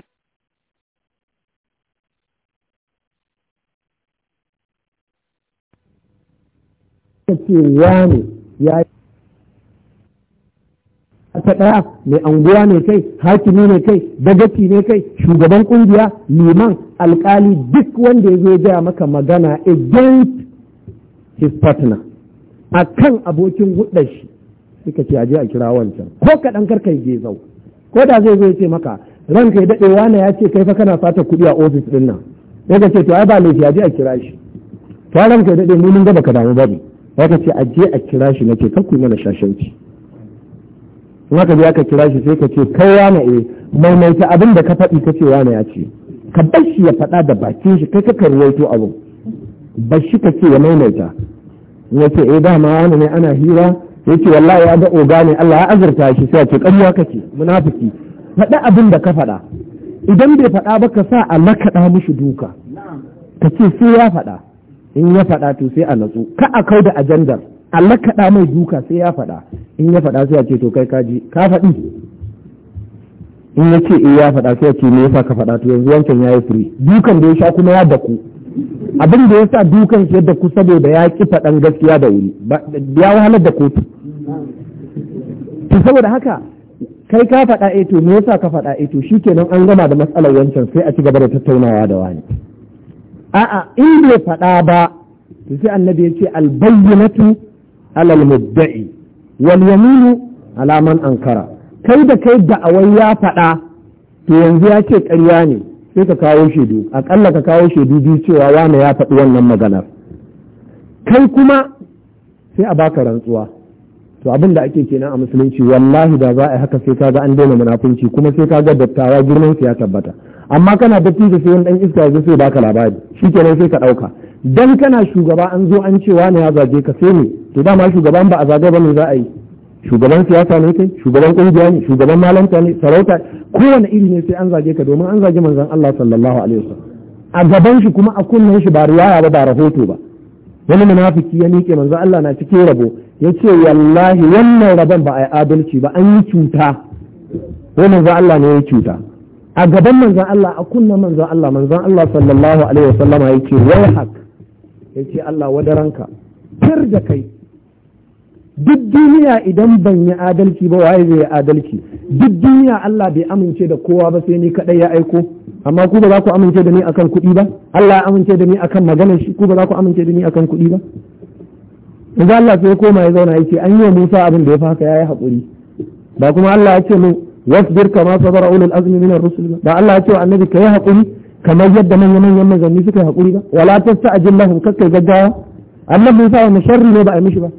an ce wani ya yi ta ɗaya mai anguwa ne kai hakimi ne kai dagaci ne kai shugaban kungiya liman alkali duk wanda ya zo gaya maka magana against his partner a kan abokin hudar shi suka ce aje a kira wancan ko kaɗan karkai gezau ko da zai zo ya ce maka ranka ya daɗewa na ya ce kai fa kana fata kuɗi a ofis ɗin nan ya ce to ai ba laifi aje a kira shi to ranka ya daɗe mu mun gaba baka damu bari, ya ka ce aje a kira shi nake kar ku mana shashanci in biya ka aka kira shi sai ka ce kai ya eh maimaita abin da ka faɗi ka ce wane ya ce ka bar shi ya faɗa da bakin shi kai ka ruwaito abin bar shi ka ce ya maimaita ya ce eh dama wani ne ana hira ya ce wallahi ya ga oga ne Allah ya azurta shi sai ce kake munafuki faɗa abin da ka faɗa idan bai faɗa ba ka sa a lakaɗa mishi duka ka ce sai ya faɗa in ya faɗa to sai a natsu ka a kau da ajandar Allah kaɗa mai duka sai ya faɗa in ya faɗa sai ya ce to kai kaji ka faɗi in ya ce in eh, ya faɗa sai ya ce me yasa ka faɗa to yanzu wancan ya yi firi dukan da ya sha kuma ya daku abin da ya sa dukan shi da ku saboda ya ki faɗan gaskiya da wuri ya wahalar da kotu to saboda haka kai ka faɗa eh to me yasa ka faɗa eh to shikenan an gama da matsalar wancan sai a ci gaba da tattaunawa da wani a'a in bai faɗa ba to sai annabi ya ce albayyinatu alal mudda'i wal yaminu ala man ankara kai da kai da awai ya faɗa to yanzu ya ce ƙarya ne sai ka kawo shaidu aƙalla ka kawo shaidu biyu cewa wane ya faɗi wannan maganar kai kuma sai a baka rantsuwa to abin da ake kenan a musulunci wallahi da za a haka sai ka ga an daina munafunci kuma sai ka ga dattawa girman su ya tabbata amma kana da sai wani dan iska ya zo sai baka labari shikenan sai ka ɗauka dan kana shugaba an zo an cewa ne ya zage ka sai ne to dama shugaban ba a zage ba ne za a yi shugaban siyasa ne kai shugaban kungiya ne shugaban malanta ne sarauta kowane iri ne sai an zage ka domin an zage manzon Allah sallallahu alaihi wasallam a gaban shi kuma a kunnen shi ba riwaya ba ba rahoto ba wani munafiki ya miƙe manzon Allah na cikin rabo yace wallahi wannan rabon ba a yi adalci ba an yi cuta ko manzon Allah ne ya cuta a gaban manzon Allah a kunnen manzon Allah manzon Allah sallallahu alaihi wasallama yake wai haka ya ce Allah wadaranka tar da kai duk duniya idan ban yi adalci ba waye zai yi adalci duk duniya Allah bai amince da kowa ba sai ni kadai ya aiko amma ku ba za ku amince da ni akan kuɗi ba Allah ya amince da ni akan maganar shi ku ba za ku amince da ni akan kuɗi ba yanzu Allah sai koma ya zauna yake an yi wa Musa abin da ya faka yayi hakuri ba kuma Allah ya ce mu wasbir kama sabara ulul azmi minar rusul ba Allah ya ce annabi kai hakuri kamar yadda manyan manyan mazanni suka haƙuri ba wala ta ajin lahum kakkai gaggawa annabi Musa wa sharri ne ba a mishi ba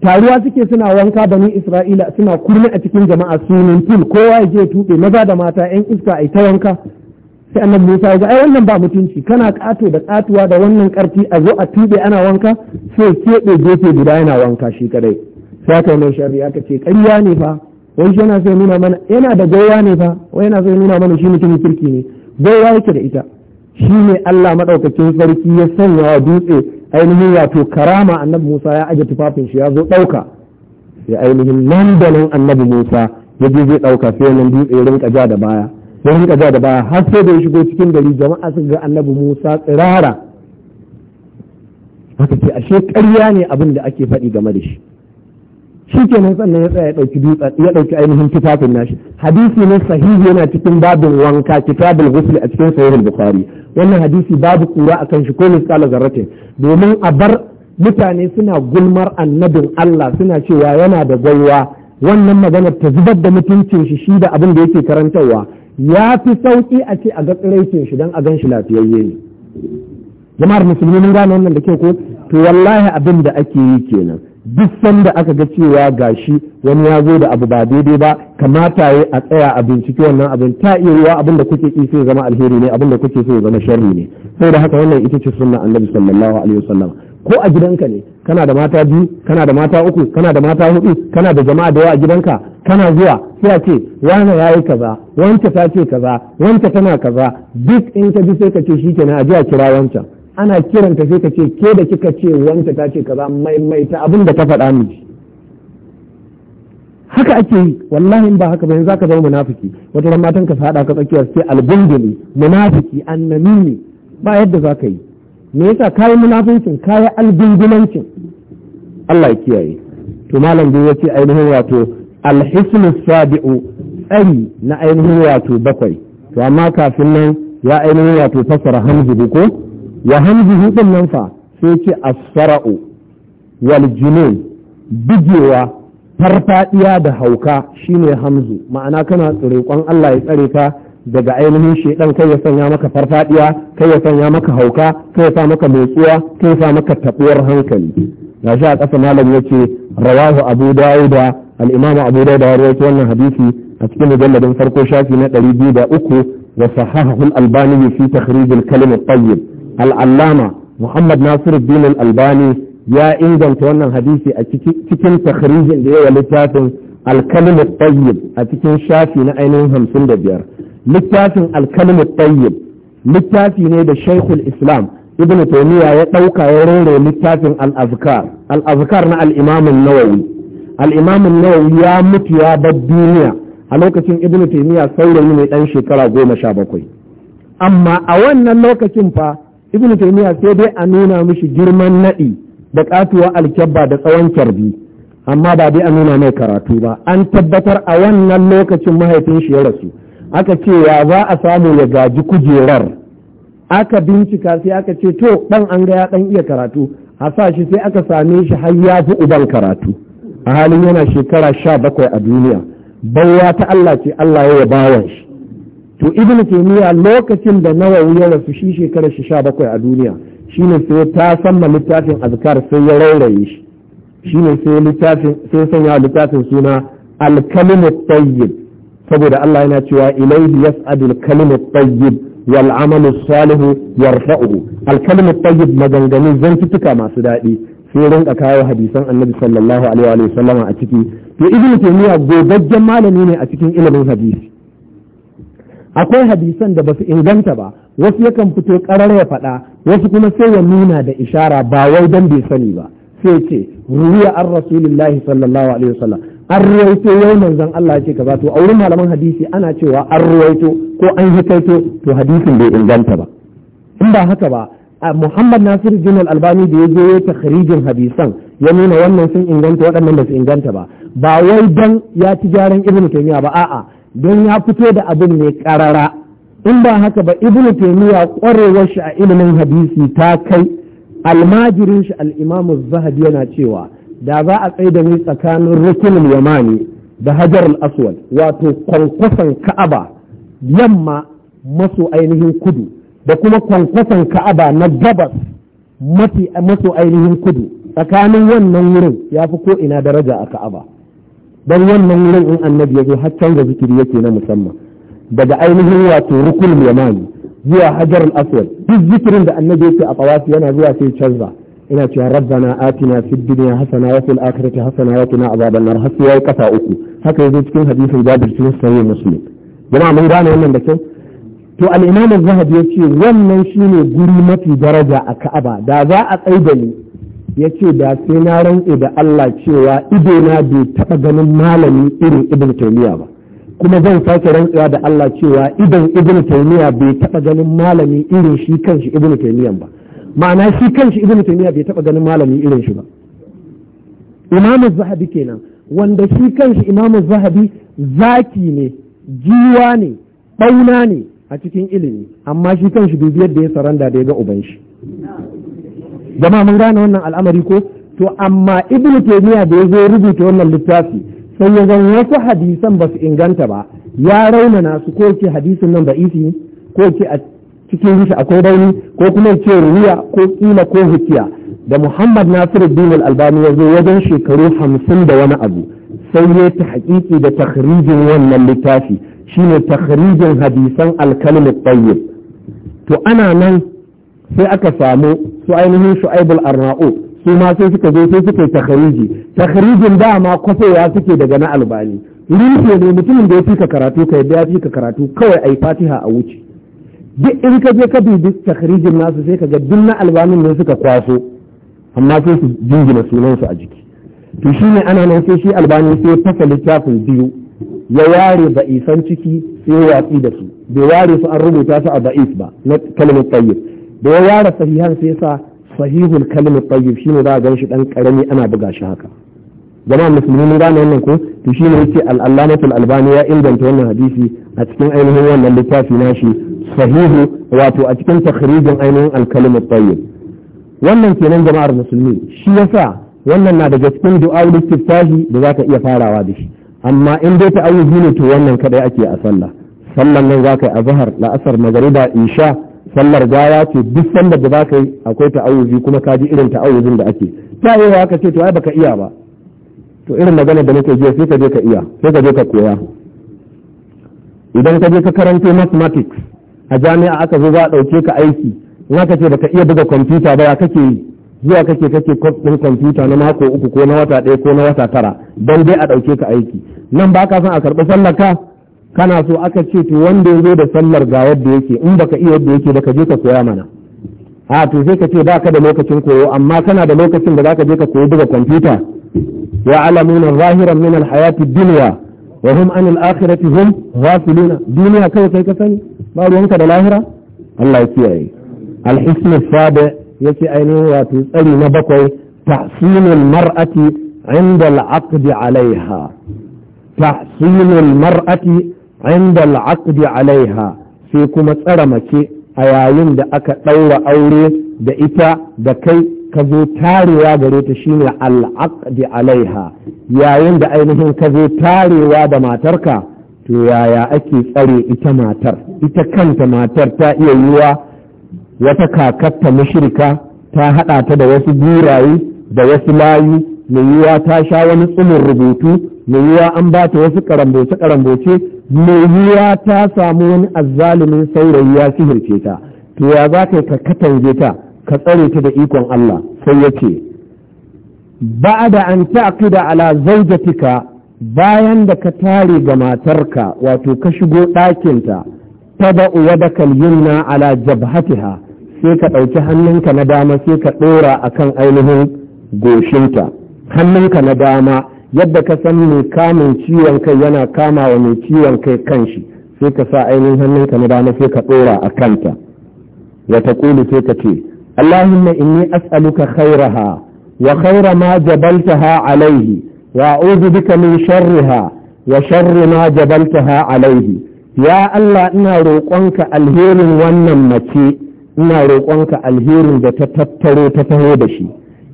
taruwa suke suna wanka bani Isra'ila suna kurmi a cikin jama'a sunan fil kowa ya je tuɓe maza da mata yan iska yi ta wanka sai annabi Musa ya ga ai wannan ba mutunci kana ƙato da ƙatuwa da wannan ƙarfi. a zo a tuɓe ana wanka sai keɓe gefe guda yana wanka shi kadai sai aka mai sharri aka ce ƙarya ne fa wai yana so nuna mana yana da gowa ne fa wai yana so nuna mana shi mutumin kirki ne ya yake da ita shi ne Allah maɗaukakin sarki ya sanya wa dutse ainihin wato karama annabi Musa ya aje tufafin shi ya zo ɗauka ya ainihin nan annabi Musa ya je zai ɗauka sai nan dutse ya rinka ja da baya ya rinka ja da baya har sai da ya shigo cikin gari jama'a suka ga annabi Musa tsirara haka ce ashe ƙarya ne abin da ake faɗi game da shi shi kenan sannan ya tsaya ya ɗauki dutsen ya ɗauki ainihin tufafin nashi hadisi na sahihi yana cikin babin wanka kitabul ghusl a cikin sahihul bukhari wannan hadisi babu kura akan shi ko misala zarratin domin a bar mutane suna gulmar annabin Allah suna cewa yana da gwaiwa wannan magana ta zubar da mutuncin shi shi da abin da yake karantarwa ya fi sauki a ce a ga tsiraicin shi dan a gan shi lafiyayye ne jama'ar musulmi mun gane wannan da kyau ko to wallahi abin da ake yi kenan duk sanda aka ga cewa gashi wani ya zo da abu ba daidai ba kamata ya a tsaya a bincike wannan abin ta iya yiwa abin da kuke ki sai zama alheri ne abin da kuke so ya zama sharri ne sai da haka wannan ita ce sunna annabi sallallahu alaihi wasallam ko a gidanka ne kana da mata biyu kana da mata uku kana da mata hudu kana da jama'a da yawa a gidanka kana zuwa sai a ce ya yi kaza wancan ta ce kaza wancan tana kaza duk in ka ji sai ka ce shi kenan a ji a kira wancan ana kiranta sai ka ce ke da kika ce wanta ta ce kaza maimaita abin da ta faɗa miki haka ake yi wallahi ba haka bayan zaka zama munafiki wata ran matan ka fada ka tsakiyar sai albunduli munafiki ne ba yadda zaka yi me yasa kai munafincin kai albundulancin Allah ya kiyaye to malam dai yace ainihin wato alhisnu sabi'u tsari na ainihin wato bakwai to amma kafin nan ya ainihin wato fasara hamzu ko wa hamzihi din nan fa sai ce asfara'u wal junun bigewa farfadiya da hauka shine hamzu ma'ana kana tsirikon Allah ya tsare ka daga ainihin shedan kai ya sanya maka farfadiya kai ya sanya maka hauka kai ya sa maka motsuwa kai ya sa maka tabuwar hankali gashi a ƙasa malam yace rawahu abu dawuda al-imam abu dawuda ya rawaito wannan hadisi a cikin mujalladin farko shafi na 203 da sahahahu al-albani fi takhrij al-kalim at-tayyib al'allama muhammad Nasiru al-albani ya inganta wannan hadisi a cikin takhrijin da yawa littafin al-kalim tayyib a cikin shafi na ainihin hamsin da biyar littafin al tayyib littafi ne da shaikhul islam ibn taymiya ya ɗauka ya rere littafin al-azkar al-azkar na al-imam an-nawawi al-imam an-nawawi ya mutu ya bar duniya a lokacin ibn taymiya saurayi ne dan shekara goma sha bakwai amma a wannan lokacin fa ibnu taymiya sai dai a nuna mishi girman naɗi da katuwa alkyabba da tsawon kyarbi amma ba dai a nuna mai karatu ba an tabbatar a wannan lokacin mahaifin shi ya rasu aka ce ya za a samu ya gaji kujerar aka bincika sai aka ce to dan an ga ya dan iya karatu a sa shi sai aka same shi har ya fi uban karatu a halin yana shekara sha bakwai a duniya bawa ta Allah ce Allah ya bawa shi to ibn taymiya lokacin da nawawi ya rasu shi shekarar shi sha bakwai a duniya shine sai ta samma littafin azkar sai ya rairaye shi shine sai littafin sai sanya littafin suna al-kalimu tayyib saboda Allah yana cewa ilayhi yas'adu al-kalimu tayyib wal amalu salihu yarfa'uhu al-kalimu tayyib maganganun zantuka masu daɗi sai rinka kawo hadisan annabi sallallahu alaihi wa sallama a ciki to ibn taymiya gogaggen malami ne a cikin ilimin hadisi akwai hadisan da basu inganta ba wasu yakan fito karar ya faɗa wasu kuma sai ya nuna da ishara ba wai dan bai sani ba sai ce ruwiya an rasulillahi sallallahu alaihi wasallam an ruwaito yau manzon Allah ce kaza to a wurin malaman hadisi ana cewa an ruwaito ko an hikaito to hadisin bai inganta ba in ba haka ba Muhammad Nasir jinal Albani da ya zo ya takhrijin hadisan ya nuna wannan sun inganta waɗannan ba su inganta ba ba wai dan ya ci gyaran ibnu taymiya ba a'a don ya fito da abin mai karara in ba haka ba ibnu taymiya kwarewar shi a ilimin hadisi ta kai almajirin shi al-imamu zahabi yana cewa da za a tsaye da ni tsakanin rukunin yamani da hajar al-aswad wato kwankwasan ka'aba yamma maso ainihin kudu da kuma kwankwasan ka'aba na gabas maso ainihin kudu tsakanin wannan wurin ya fi ko ina daraja a ka'aba don wannan wurin in annabi ya zo har canza zikiri yake na musamman daga ainihin wato rukul yamani zuwa hajar al-aswad duk zikirin da annabi yake a tawafi yana zuwa sai canza ina cewa rabbana atina fid dunya hasana wa fil akhirati hasana wa qina azaban nar har kasa uku haka yazo cikin hadisin Jabir cikin sahih Muslim jama'a mun gane wannan da kyau to al-imam az-zahabi yace wannan shine guri mafi daraja a Ka'aba da za a da ni ya ce da sai na rantse da Allah cewa ido na bai taɓa ganin malami irin ibn taymiya ba kuma zan sake rantsewa da Allah cewa idan ibn taymiya bai taɓa ganin malami irin shi kanshi ibn taymiyan ba ma'ana shi kanshi ibn taymiya bai taɓa ganin malami irin shi ba imam zahabi kenan wanda shi kanshi imam zahabi zaki ne jiwa ne bauna ne a cikin ilimi amma shi kanshi dubiyar da ya saranda da ya ga uban shi jama'a mun gane wannan al'amari ko to amma ibn taymiya da yazo rubuta wannan littafi sai ya wasu hadisan ba su inganta ba ya na su ko ce hadisin nan da'isi ko ce a cikin shi akwai rauni ko kuma ce ruwa ko kila ko hukiya da muhammad nasiru al-albani yazo wajen shekaru hamsin da wani abu sai ya ta haƙiƙi da takhrijin wannan littafi shine takhrijin hadisan al-kalim to ana nan sai aka samu su ainihin shu'aibul arna'u su ma sai suka zo sai suka yi takhariji takharijin dama kwafowa suke daga na albani rufe ne mutumin da ya fi ka karatu ka yadda ya fi ka karatu kawai ai fatiha a wuce duk in ka je ka takharijin nasu sai ka ga duk na albanin ne suka kwaso amma sai su jingina sunansu a jiki to shine ana nan sai shi albani sai fasa littafin biyu ya ware ba'isan ciki sai ya watsi da su bai ware su an rubuta su a ba'is ba na kalmar tayyib da ya yara sahihan sai yasa sahihul kalmi tayyib shine za a gan shi dan karami ana buga shi haka jama'a musulmi mun gane wannan ko to shine yake al-allamatul albani ya inganta wannan hadisi a cikin ainihin wannan littafi nashi sahihu wato a cikin takhrijin ainihin al-kalimat tayyib wannan kenan jama'ar musulmi shi yasa wannan na daga cikin du'a'ul istiftahi da zaka iya farawa da shi amma in dai ta'awuzi ne to wannan kadai ake a sallah sallan nan zaka yi azhar la'asar magariba isha sallar gawa ce duk sallar da baka yi akwai ta'awuzi kuma ka ji irin ta'awuzin da ake ta yi haka ce to ai baka iya ba to irin magana da nake jiya sai ka je ka iya sai ka je ka koya idan ka je ka karanto mathematics a jami'a aka zo za a ɗauke ka aiki in aka ce baka iya buga kwamfuta ba ya kake yi zuwa kake kake ɗin kwamfuta na mako uku ko na wata ɗaya ko na wata tara don dai a ɗauke ka aiki nan ba ka son a karɓi sallar ka kana so aka ce to wanda ya zo da sallar ga yadda yake in baka iya yadda yake da ka je ka koya mana a to sai ka ce ba ka da lokacin koyo amma kana da lokacin da za ka je ka koyi daga kwamfuta ya alamuna zahiran min alhayati dunya wa hum an alakhirati hum ghafiluna duniya kawai kai ka sani ba ruwanka da lahira Allah ya kiyaye alhism sabi yace ainihin wato tsari na bakwai tahsinul mar'ati inda al'aqd alaiha tahsinul mar'ati inda al'aqdi alaiha sai kuma tsara mace a yayin da aka ɗaura aure da ita da kai ka zo tarewa gare ta shine al'aqdi alaiha yayin da ainihin ka zo tarewa da matarka to yaya ake tsare ita matar ita kanta matar ta iya yiwa wata kakatta mushirika ta haɗa ta da wasu guraye da wasu layu mai yiwa ta sha wani tsumin rubutu mai yiwa an ba ta wasu karamboce karamboce mai ta samu wani azzalumin saurayi ya sihirce ta to ya za ka ka katange ta ka tsare ta da ikon Allah sai ya ce da an ta'qida ala zawjatika bayan da ka tare ga matarka wato ka shigo ɗakinta ta ba yadakal na ala jabhatiha sai ka ɗauki hannunka na dama sai ka ɗora a kan ainihin goshinta hannunka na dama yadda ka san mai kamun ciwon kai yana kama wa mai ciwon kai kanshi sai ka sa ainihin hannunka na dama sai ka ɗora a kanta wa taqulu sai ka ce allahumma inni as'aluka khairaha wa khaira ma jabaltaha alaihi wa a'udhu bika min sharriha wa sharri ma jabaltaha alaihi ya allah ina roƙonka alherin wannan mace ina roƙonka alherin da ta tattaro ta taho da shi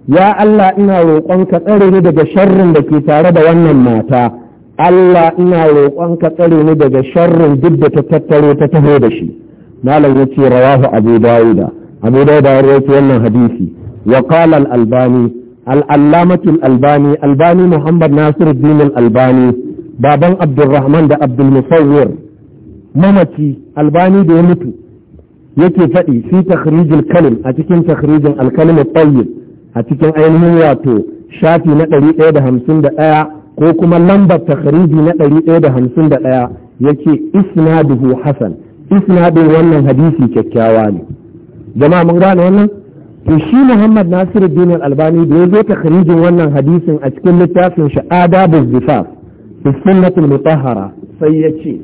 ya Allah ina roƙon ka tsare ni daga sharrin da ke tare da wannan mata Allah ina roƙon ka tsare ni daga sharrin duk da ta tattaro ta taho da shi malam yace rawahu abu dauda abu dauda rawaito wannan hadisi wa qala al albani al al albani albani muhammad nasir din al albani baban abdurrahman da abdul musawwir mamaci albani da ya mutu yake faɗi fi takhrijil kalim a cikin takhrijin al kalim tayyib a cikin ainihin wato shafi na ɗari ɗaya da hamsin da ɗaya ko kuma lambar takhariji na ɗari ɗaya da hamsin da ɗaya yake isnaduhu hasan isnadin wannan hadisi kyakkyawa ne jama'a mun gane wannan to shi Muhammad Nasiru Dinar Albani da ya zo takharijin wannan hadisin a cikin littafin shi Adabuz Zifaf fi sunnatul mutahhara sai ya ce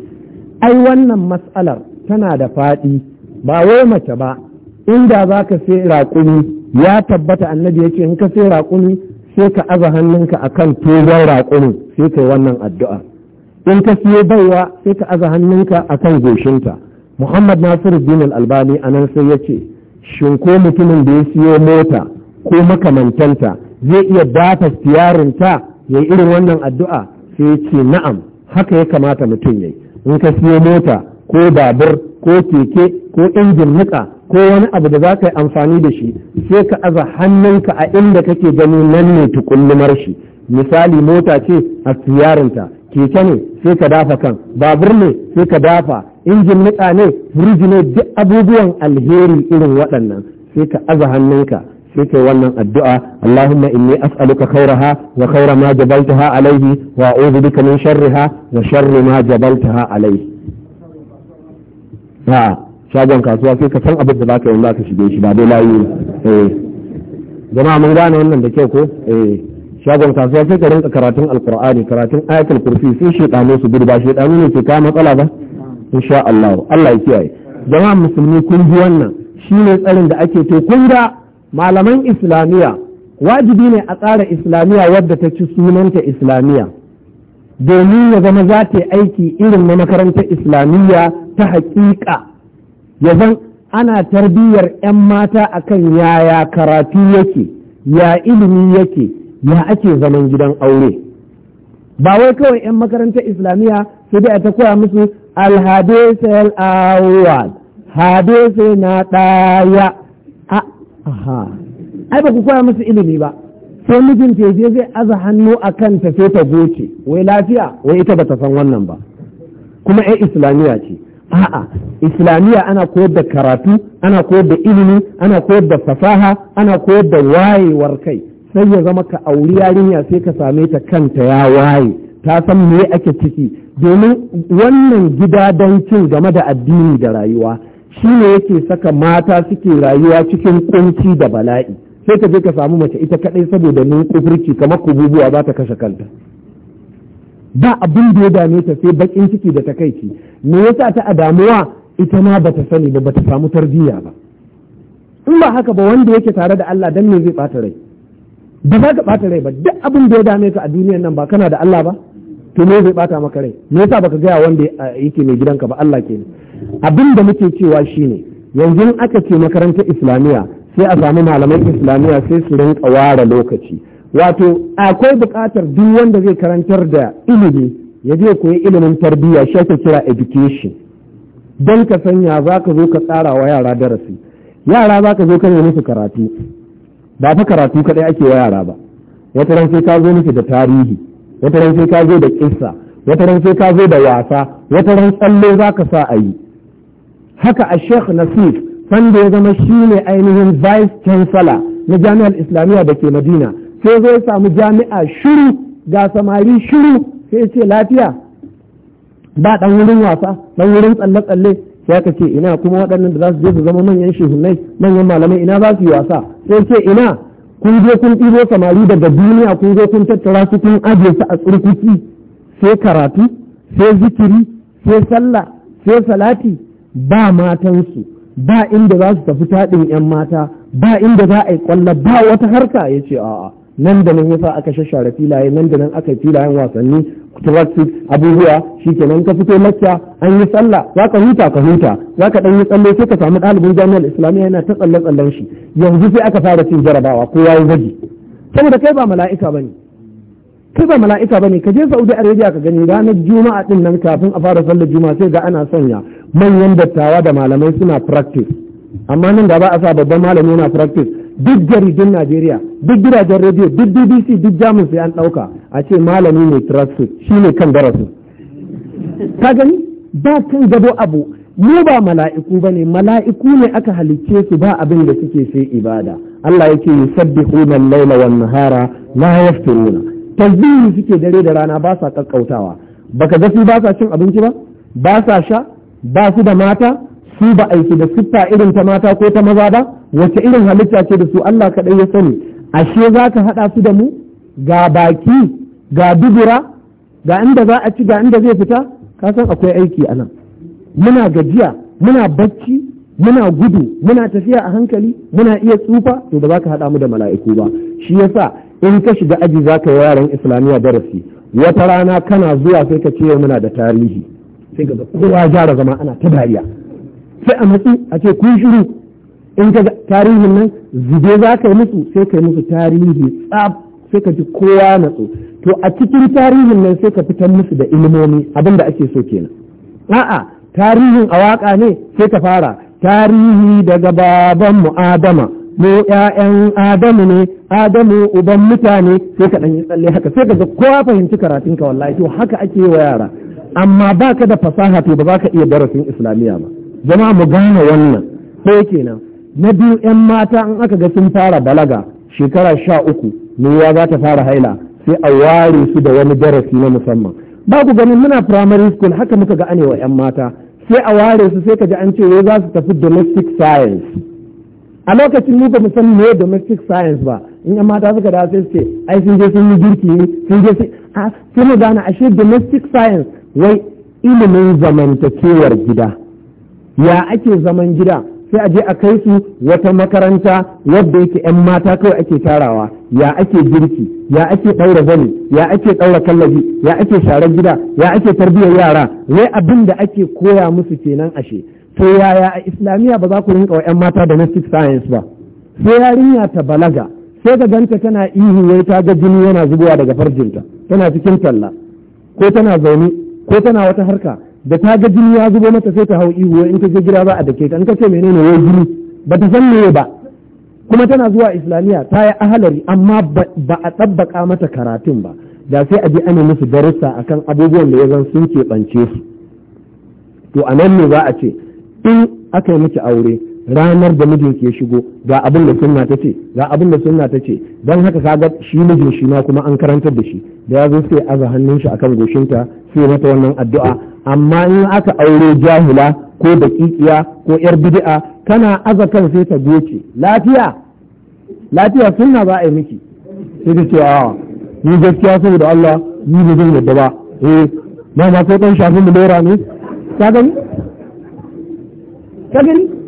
ai wannan mas'alar tana da faɗi ba wai mace ba inda zaka sai raƙumi ya tabbata annabi yake in ka sai raƙumi sai ka aza hannunka akan tozon raƙumin sai kai wannan addu'a in ka siyo baiwa sai ka aza hannunka akan goshinta muhammad Nasiru al-albani anan sai ya ce shin ko mutumin da ya siyo mota ko makamantanta zai iya dafa siyarinta ya yi irin wannan addu'a sai ya ce na'am haka ya kamata mutum ya yi in ka siyo mota ko babur ko keke ko injin niƙa ko wani abu da za ka yi amfani da shi sai ka aza hannunka a inda kake gani nan ne tukullumar shi misali mota ce a siyarinta keke ne sai ka dafa kan babur ne sai ka dafa injin niƙa ne firiji ne duk abubuwan alheri irin waɗannan sai ka aza hannunka sai kai wannan addu'a Allahumma inni as'aluka ha wa khaira ma jabaltaha alaihi wa a'udhu bika min sharriha wa sharri ma jabaltaha alaihi shagon kasuwa sai ka san abin da baka yin za ka shige shi ba dai layi eh jama'a mun gane wannan da kyau ko eh shagon kasuwa sai ka rinka karatun alqur'ani karatun ayatul kursi sai ne su gurba ba shedano ne ke kawo matsala ba insha Allah Allah ya kiyaye jama'a musulmi kun ji wannan shine tsarin da ake to kun ga malaman islamiya wajibi ne a tsara islamiya wadda ta ci sunanta islamiya domin ya zama za ta yi aiki irin na makarantar islamiyya ta haƙiƙa ya zan ana tarbiyyar 'yan mata akan yaya karatu yake ya ilimi yake ya ake zaman gidan aure ba wai kawai 'yan makarantar islamiyya sai dai a ta koya musu alhadisal awwal hadisi na ɗaya aha ai ba ku koya musu ilimi ba sai mijin teje zai aza hannu a kan ta sai ta goce wai lafiya wai ita ba ta san wannan ba kuma 'yan islamiyya ce a'a islamiyya ana koyar da karatu ana koyar da ilimi ana koyar da fasaha ana koyar da wayewar kai sai ya zama ka auri yarinya sai ka same ta kanta ya waye ta san me ake ciki domin wannan gida don cin game da addini da rayuwa shi ne yake saka mata suke rayuwa cikin kunci da bala'i sai ka je ka samu mace ita kadai saboda nun kufurci kamar kububuwa za ta kashe kanta ba abin da ya dame ta sai bakin ciki da takaici me yasa ta a damuwa ita ma bata sani ba bata samu tarbiyya ba in ba haka ba wanda yake tare da Allah dan me zai bata rai ba za ka bata rai ba duk abin da ya dame ka a duniyar nan ba kana da Allah ba to me zai bata maka rai me yasa baka gaya wanda yake mai gidanka ba Allah ke abin da muke cewa shine yanzu aka ce makarantar islamiyya sai a samu malaman islamiyya sai su rinka ware lokaci wato akwai buƙatar duk wanda zai karantar da ilimi ya je koyi ilimin tarbiyya shi kira education don ka sanya za ka zo ka tsara wa yara darasi yara za ka zo ka musu karatu ba fa karatu kaɗai ake wa yara ba wata ran sai ka zo musu da tarihi wata ran sai ka zo da kissa wata ran sai ka zo da wasa wata ran tsalle za ka sa a yi haka a sheikh nasif sanda ya zama shi ne ainihin vice chancellor na jami'ar islamiyya da ke madina sai zai samu jami'a shiru ga samari shiru sai ce lafiya ba ɗan wurin wasa ɗan wurin tsalle tsalle sai ka ce ina kuma waɗannan da za su je su zama manyan shehunai manyan malamai ina za su yi wasa sai ce ina kun je kun ɗibo samari daga duniya kun zo kun tattara su kun ajiye su a tsurkuki sai karatu sai zikiri sai sallah sai salati ba matansu ba inda za su tafi taɗin 'yan mata ba inda za a yi kwallo ba wata harka ya ce a'a nan da nan ya sa aka shashara filaye nan da nan aka yi filayen wasanni traffic abubuwa shikenan ka fito makka an yi sallah ka huta ka huta zaka dan yi tsalle sai ka samu ɗalibin jami'ar islamiyya yana ta tsalle tsallen shi yanzu sai aka fara cin jarabawa kowa ya gaji saboda kai ba mala'ika bane kai ba mala'ika bane ka je Saudi Arabia ka gani ranar juma'a din nan kafin a fara sallar juma'a sai ga ana sanya manyan dattawa da malamai suna practice amma nan da ba a sa babban malami yana practice duk jaridun Najeriya duk gidajen rediyo duk BBC duk jamus sai an ɗauka a ce malami mai tracksuit shi ne kan darasin ka gani ba kan gado abu mu ba mala'iku ba ne mala'iku ne aka halicce su ba abin da suke sai ibada Allah yake yi al-laila wan-nahara la nuna. tasbihi suke dare da rana ba sa kakkautawa baka ga su ba sa cin abinci ba ba sa sha ba su da mata su ba aiki da siffa irin ta mata ko ta maza ba wace irin halitta ce da su Allah kaɗai ya sani ashe za ka haɗa su da mu ga baki ga dubura ga inda za a ci ga inda zai fita ka san akwai aiki a nan muna gajiya muna bacci muna gudu muna tafiya a hankali muna iya tsufa to da za ka haɗa mu da mala'iku ba shi yasa in ka shiga aji za ka yi yaran islamiyya darasi wata rana kana zuwa sai ka ce muna da tarihi sai ka ga kowa gyara zama ana ta dariya sai a matsi a ce kun shiru in ka tarihin nan zube za ka yi musu sai ka yi musu tarihi tsab sai ka ji kowa natsu to a cikin tarihin nan sai ka fitar musu da ilimomi abin da ake so kenan a'a tarihin a waka ne sai ka fara tarihi daga baban mu adama mu ƴaƴan adamu ne adamu uban mutane sai ka ɗan yi tsalle haka sai ka ga kowa fahimci karatunka wallahi to haka ake yi wa yara amma baka da fasaha to ba za ka iya darasin islamiyya ba Zama mu gane wannan Ko kenan na biyu 'yan mata in aka ga sun fara balaga shekara sha uku ya za ta fara haila sai a ware su da wani darasi na musamman ba ku ganin muna primary school haka muka ga anewa 'yan mata sai a ware su sai ka ji an ce wai za su tafi domestic science a lokacin mu ba mu san me domestic science ba in yan mata suka da sai ce ai sun je sun yi girki sun je sun a sai mu gane ashe domestic science wai ilimin zamantakewar gida ya ake zaman gida sai a je a kai su wata makaranta wadda yake 'yan mata kawai ake tarawa ya ake girki ya ake ɗaura zani ya ake ɗaura kallabi ya ake sharar gida ya ake tarbiyyar yara wai abin da ake koya musu kenan ashe to yaya a islamiyya ba za ku rinka wa 'yan mata domestic science ba sai yarinya ta balaga sai ka ganta tana ihu wai ta ga jini yana zubowa daga farjinta tana cikin talla ko tana zaune ko tana wata harka da ta ga jini ya zubo mata sai ta hau ihu in ta je gida za a dake ta in ka ce menene wai jini ba ta san meye ba kuma tana zuwa islamiyya ta yi ahalari amma ba a tsabbaka mata karatun ba da sai a je ana musu darussa akan abubuwan da ya zan sun keɓance su to a nan ne za a ce in aka yi miki aure ranar da mijin ke shigo ga abin da sunna ta ce ga abin da sunna ta ce don haka kaga shi mijin shi ma kuma an karantar da shi da ya zo sai aza hannun shi akan goshinta sai mata wannan addu'a amma in aka aure jahila ko daƙiƙiya ko yar bid'a kana aza kan sai ta goce lafiya lafiya sunna ba a yi miki sai ta ce a ni gaskiya saboda Allah ni ba zan yadda ba eh ma ma sai dan shafin mu ne ka gani ka gani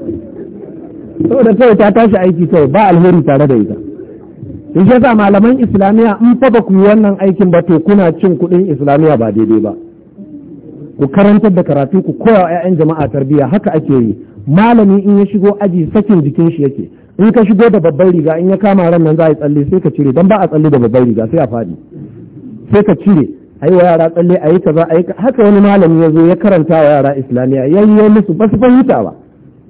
saboda kawai ta tashi aiki kawai ba alheri tare da ita in shi malaman islamiyya in fa ba ku yi wannan aikin ba to kuna cin kuɗin islamiyya ba daidai ba ku karantar da karatu ku koya wa 'ya'yan jama'a tarbiyya haka ake yi malami in ya shigo aji sakin jikin shi yake in ka shigo da babban riga in ya kama ran nan za a yi tsalle sai ka cire dan ba a tsalle da babban riga sai a faɗi sai ka cire a wa yara tsalle a yi kaza a haka wani malami ya zo ya karanta wa yara islamiyya ya yi musu ba su fahimta ba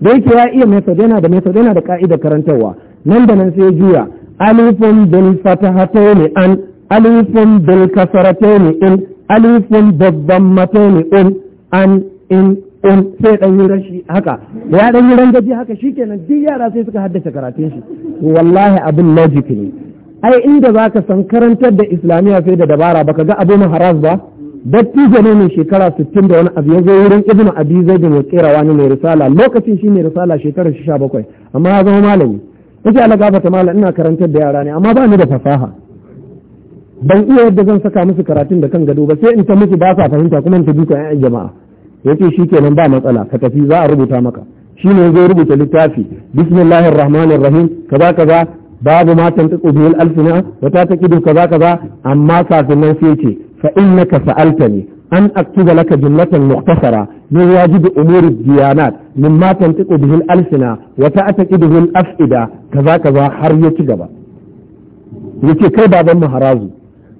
da yake ya iya method yana da method yana da ka'idar karantarwa nan da nan sai juya alifun bil fatahataini an alifun bil kasarataini in alifun babban in an in in sai dan yi rashi haka ya dan yi rangaji haka shikenan duk yara sai suka haddace karatun shi wallahi abin logic ne ai inda zaka san karantar da islamiya sai da dabara baka ga abu haras ba dattijo ne mai shekara sittin da wani abu ya zo wurin ibn zai zaid mai tsira wani mai risala lokacin shi mai risala shekarar 17 bakwai amma ya zama malami yace Allah ta malam ina karantar da yara ne amma ba ni da fasaha ban iya yadda zan saka musu karatun da kan gado ba sai in ta musu ba sa fahimta kuma in ta duka yan jama'a yace kenan ba matsala ka tafi za a rubuta maka shi ne zai rubuta littafi bismillahir rahmanir rahim kaza kaza babu matan ta bil alfina wata ta kidu kaza kaza amma kafin nan sai ce fa innaka sa'altani an aktuba laka jumlatan mukhtasara min wajibi umuri diyanat mimma ta bihi al-alsina wa ta'taqidu bihi al-af'ida kaza kaza har ya ci gaba yace kai baban maharazu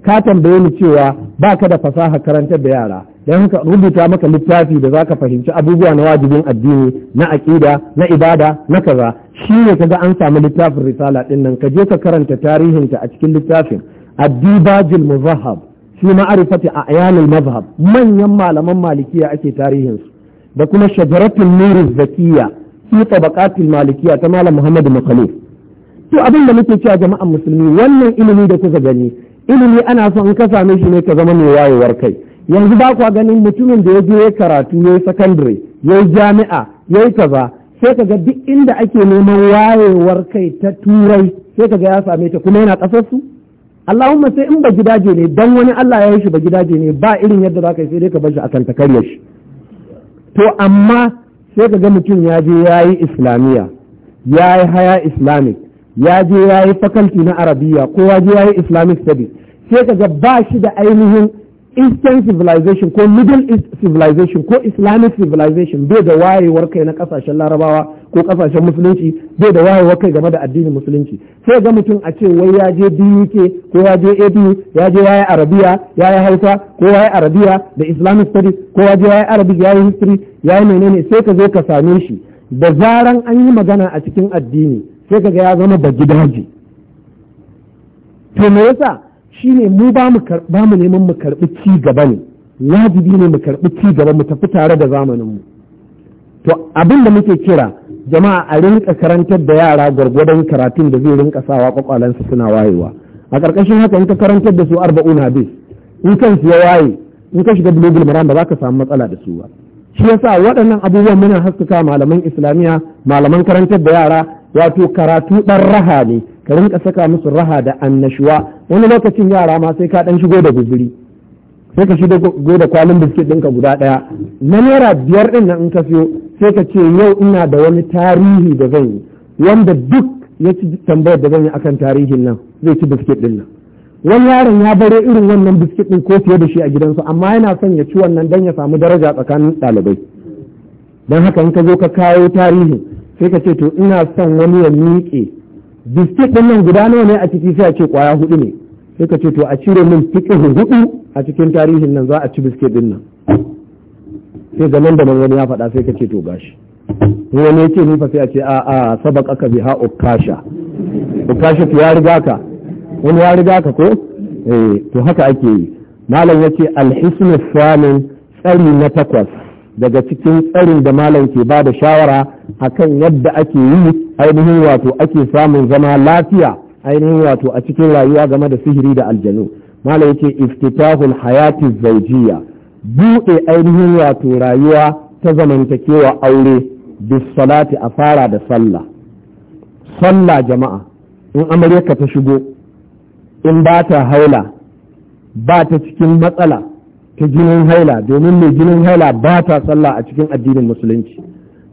ka tambaye ni cewa baka da fasaha karantar da yara don ka rubuta maka littafi da za ka fahimci abubuwa na wajibin addini na aƙida na ibada na kaza shi ne kaga an samu littafin risala ɗinnan, nan ka je ka karanta tarihinta a cikin littafin addibajil muzahab fi ma'arifati a ayanul mazhab manyan malaman malikiya ake tarihinsu da kuma shajaratul nuriz zakiya fi tabaqatil malikiya ta malam muhammadu makalif to abin da muke cewa jama'an musulmi wannan ilimi da kuka gani ilimi ana son in ka same shi ne ka zama mai wayewar kai yanzu ba kwa ganin mutumin da ya je ya karatu ya yi sakandare ya yi jami'a ya yi kaza sai kaga duk inda ake neman wayewar kai ta turai sai ka ga ya same ta kuma yana kasar Allahumma sai in ba gidaje ne dan wani Allah ya yi shi ba gidaje ne ba irin yadda za ka yi sai dai ka bar shi kan ta karya shi to amma sai ka ga mutum ya je ya yi islamiyya ya yi haya islamic ya je ya yi fakalti na arabiya ko ya je ya yi islamic studies sai ka ga ba shi da ainihin eastern civilization ko middle east civilization ko islamic civilization bai da wayewar kai na kasashen larabawa ko kasashen musulunci bai da wayewar kai game da addinin musulunci sai ga mutum a ce wai ya je duk ko ya je adu ya je yayi arabiya yi hausa ko yayi arabiya da islamic studies ko ya je yayi arabic yi history ya yi menene sai ka zo ka same shi da zaran an yi magana a cikin addini sai ka ga ya zama bagidaji to me yasa shine mu ba mu neman mu karɓi ci gaba ne wajibi ne mu karɓi ci gaba mu tafi tare da zamaninmu to abin da muke kira jama'a a rinka karantar da yara gwargwadon karatun da zai rinka sawa kwakwalansu suna wayewa a ƙarƙashin haka in ka karantar da su arba'un hadis in kansu ya waye in ka shiga bulugul maram ba za ka samu matsala da su ba shi yasa waɗannan abubuwan muna haskaka malaman islamiyya malaman karantar da yara wato karatu ɗan raha ne ka rinka saka musu raha da annashuwa wani lokacin yara ma sai ka dan shigo da guzuri sai ka shigo da kwalin biskit ɗinka guda ɗaya na naira biyar ɗin nan in ka siyo sai ka ce yau ina da wani tarihi da zan yi wanda duk ya ci tambayar da zan yi akan tarihin nan zai ci biskit ɗin nan wani yaron ya bare irin wannan biskit ɗin ko fiye da shi a gidansu amma yana son ya ci wannan dan ya samu daraja tsakanin ɗalibai don haka in ka zo ka kawo tarihin sai ka ce to ina son wani ya miƙe biskit din nan guda nawa ne a ciki sai a ce kwaya hudu ne sai ka ce to a cire min fiqh hudu a cikin tarihin nan za a ci biskit din nan sai ga nan da nan wani ya faɗa sai ka ce to gashi wani ya ce ni sai a ce a a sabak aka bi ha ukasha ukasha ya riga ka wani ya riga ka ko eh to haka ake yi malam yace hisnu salin tsari na takwas daga cikin tsarin da malam ke ba da shawara akan yadda ake yi ainihin wato ake samun zama lafiya ainihin wato a cikin rayuwa game da sihiri da aljanu malam yake iftitahul hayati zaujiya buɗe ainihin wato rayuwa ta zamantakewa aure bis salati a fara da sallah sallah jama'a in amurka ta shigo in ba ta haula ba ta cikin matsala ta jinin haila domin mai jinin haila ba ta sallah a cikin addinin musulunci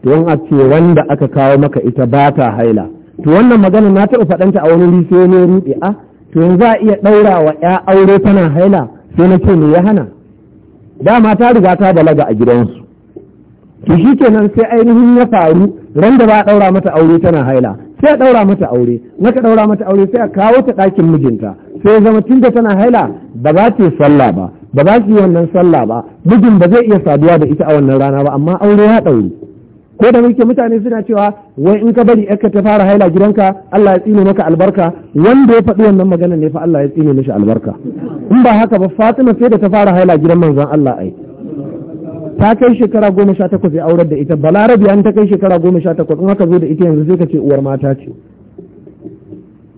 to a ce wanda aka kawo maka ita ba ta haila to wannan magana na taɓa faɗanta a wani risiyo ne ruɗe a ah, to yanzu a iya ɗaura wa ya aure tana haila sai na ce me ya hana dama ta riga ta balaga a gidansu to shi kenan sai ainihin ya faru randa ba a ɗaura mata aure tana haila sai a ɗaura mata aure ka ɗaura mata aure sai a kawo ta ɗakin mijinta sai zama tun da tana haila ba za ta yi sallah ba ba za su yi wannan sallah ba mijin ba zai iya saduwa da ita a wannan rana ba amma aure ya ɗauri ko da muke mutane suna cewa wai in ka bari ka ta fara haila gidanka Allah ya tsine maka albarka wanda ya faɗi wannan magana ne fa Allah ya tsine mishi albarka in ba haka ba Fatima sai da ta fara haila gidan manzon Allah ai ta kai shekara goma sha takwas ya aurar da ita balarabi an ta kai shekara goma sha takwas in aka zo da ita yanzu sai ka ce uwar mata ce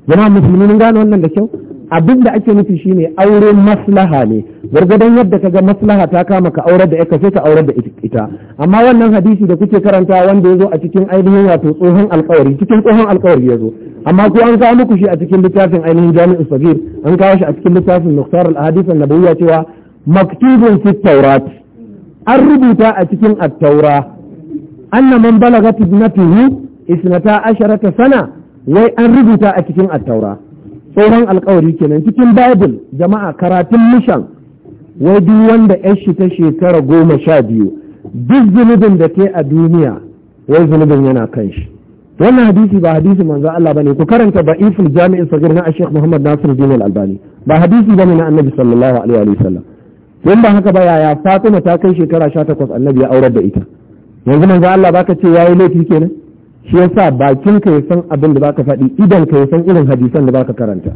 jama'a musulmi mun gane wannan da kyau abin da ake nufi shine aure maslaha ne gwargwadon yadda ka ga maslaha ta kama ka aurar da ita sai ka aurar da ita amma wannan hadisi da kuke karanta wanda ya zo a cikin ainihin wato tsohon alkawari cikin tsohon alkawari ya zo amma ko an kawo muku shi a cikin littafin ainihin jami'in sabir an kawo shi a cikin littafin nuktar al-hadis an cewa maktubun fi tawrat an rubuta a cikin attaura anna man balagat ibnatuhu isnata asharata sana wai an rubuta a cikin attaura tsoron alkawari kenan cikin bible jama'a karatun mishan wai duk wanda yar shi ta shekara goma sha biyu duk zunubin da ke a duniya wai zunubin yana kan shi wannan hadisi ba hadisi manzo Allah bane ku karanta da'iful jami'in sagir na Sheikh Muhammad Nasir Din Al-Albani ba hadisi bane na Annabi sallallahu alaihi wa sallam in ba haka ba yaya fatima ta kai shekara sha takwas annabi ya aurar da ita yanzu manzo Allah baka ce yayi laifi kenan shi yasa bakin ka san abin da baka faɗi idan ka san irin hadisan da baka karanta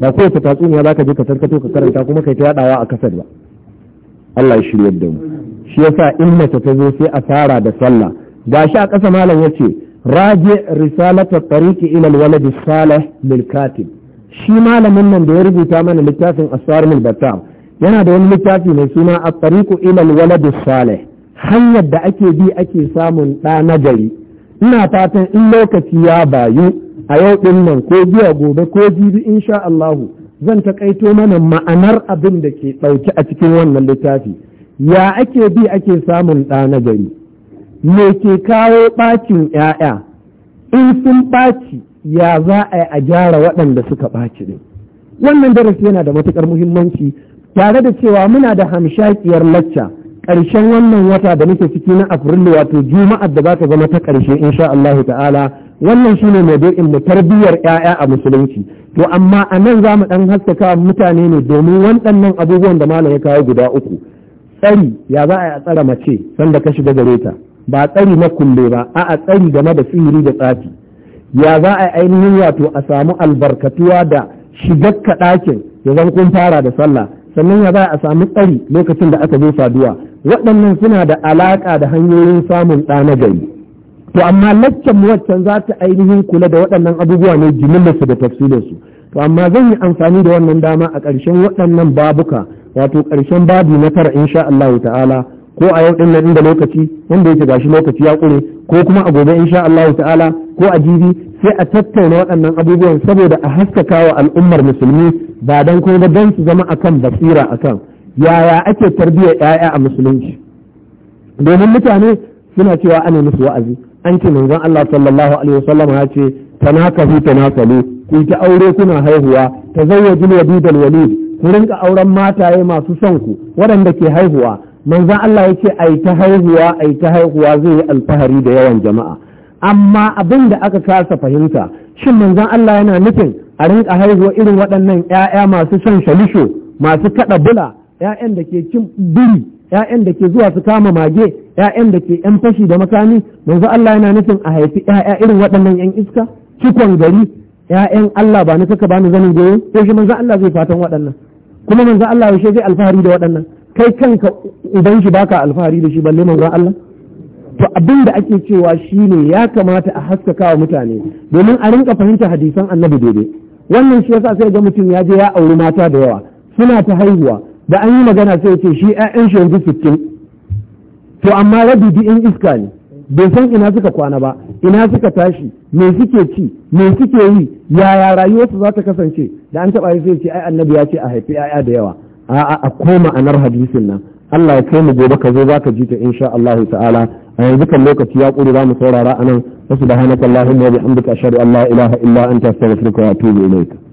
ba ta tatsuniya zaka je ka sarkato ka karanta kuma kai ta yadawa a kasar ba Allah ya shiryar da mu shi yasa in mace ta zo sai a fara da sallah gashi a ƙasa malam yace raje risalata tariqi ila alwalad salih lil katib shi malamin nan da ya rubuta mana littafin asrar mil yana da wani littafi mai suna a tsariku ilal waladus salih hanyar da ake bi ake samun ɗa nagari ina fatan in lokaci ya bayu a yau ɗin nan ko biya gobe ko jibi insha Allahu zan takaito mana ma'anar abin da ke ɗauki a cikin wannan littafi ya ake bi ake samun ɗa nagari me ke kawo ɓacin ‘ya'ya in sun ɓaci ya za a yi a gyara waɗanda suka ɓaci ne wannan darasi yana da matuƙar muhimmanci tare da cewa muna da hamshakiyar lacca ƙarshen wannan wata da nake ciki na afrilu wato juma'ar da za ta zama ta ƙarshe insha Allah ta'ala wannan shine maudu'in da tarbiyyar ƴaƴa a musulunci to amma a nan za mu ɗan haskaka mutane ne domin waɗannan abubuwan da malam ya kawo guda uku tsari ya za a yi a tsara mace sanda ka shiga gare ta ba tsari na kulle ba a a tsari game da sihiri da tsafi ya za a yi ainihin wato a samu albarkatuwa da shigar ka ɗakin ya zan kun fara da sallah sannan ya za a samu tsari lokacin da aka zo saduwa waɗannan suna da alaƙa da hanyoyin samun ɗa gari to amma laccan mu waccan za ta ainihin kula da waɗannan abubuwa ne jimillarsu da tafsirinsu to amma zan yi amfani da wannan dama a ƙarshen waɗannan babuka wato ƙarshen babu na tara insha Allah ta'ala ko a yau ɗin nan inda lokaci wanda yake gashi lokaci ya ƙure ko kuma a gobe insha Allah ta'ala ko a jibi sai a tattauna waɗannan abubuwan saboda a haskaka wa al'ummar musulmi ba don kuma don su zama akan basira akan yaya ake tarbiyyar 'ya'ya a musulunci domin mutane suna cewa ana musu wa'azi an ce manzon Allah sallallahu alaihi wasallam ya ce tanakahu tanakalu ku ta aure kuna haihuwa tazawwajul wadidal walid ku rinka auren mataye masu son ku waɗanda ke haihuwa manzon Allah ya ce ai ta haihuwa ai ta haihuwa zai yi alfahari da yawan jama'a amma abin da aka kasa fahimta shin manzon Allah yana nufin a rinka haihuwa irin waɗannan 'ya'ya masu shan shalisho masu kaɗa bula 'ya'yan da ke cin biri 'ya'yan da ke zuwa su kama mage 'ya'yan da ke 'yan fashi da makami manzon Allah yana nufin a haifi 'ya'ya irin waɗannan 'yan iska cikon gari 'ya'yan Allah ba ni kaka bani zanin goyo sai shi Allah zai fatan waɗannan kuma manzon Allah yaushe zai alfahari da waɗannan kai kanka uban shi baka alfahari da shi balle manzon Allah to abin da ake cewa shi ne ya kamata a haskaka wa mutane domin a rinka fahimta hadisan annabi daidai wannan shi yasa sai ga mutum ya je ya auri mata da yawa suna ta haihuwa da an yi magana sai ce shi ƴaƴan shi yanzu sittin to amma rabi in iska ne bai san ina suka kwana ba ina suka tashi me suke ci me suke yi yaya rayuwarsu za ta kasance da an taɓa sai ce ai annabi ya ce a haifi 'ya'ya da yawa a'a a koma anar hadisin nan Allah ya kai mu gobe ka zo za ka ji ta insha Allah ta'ala a yanzu kan lokaci ya ƙuri za mu saurara anan wasu da hanakan Allahumma wa bihamdika ashhadu an la ilaha illa anta astaghfiruka wa atubu ilayka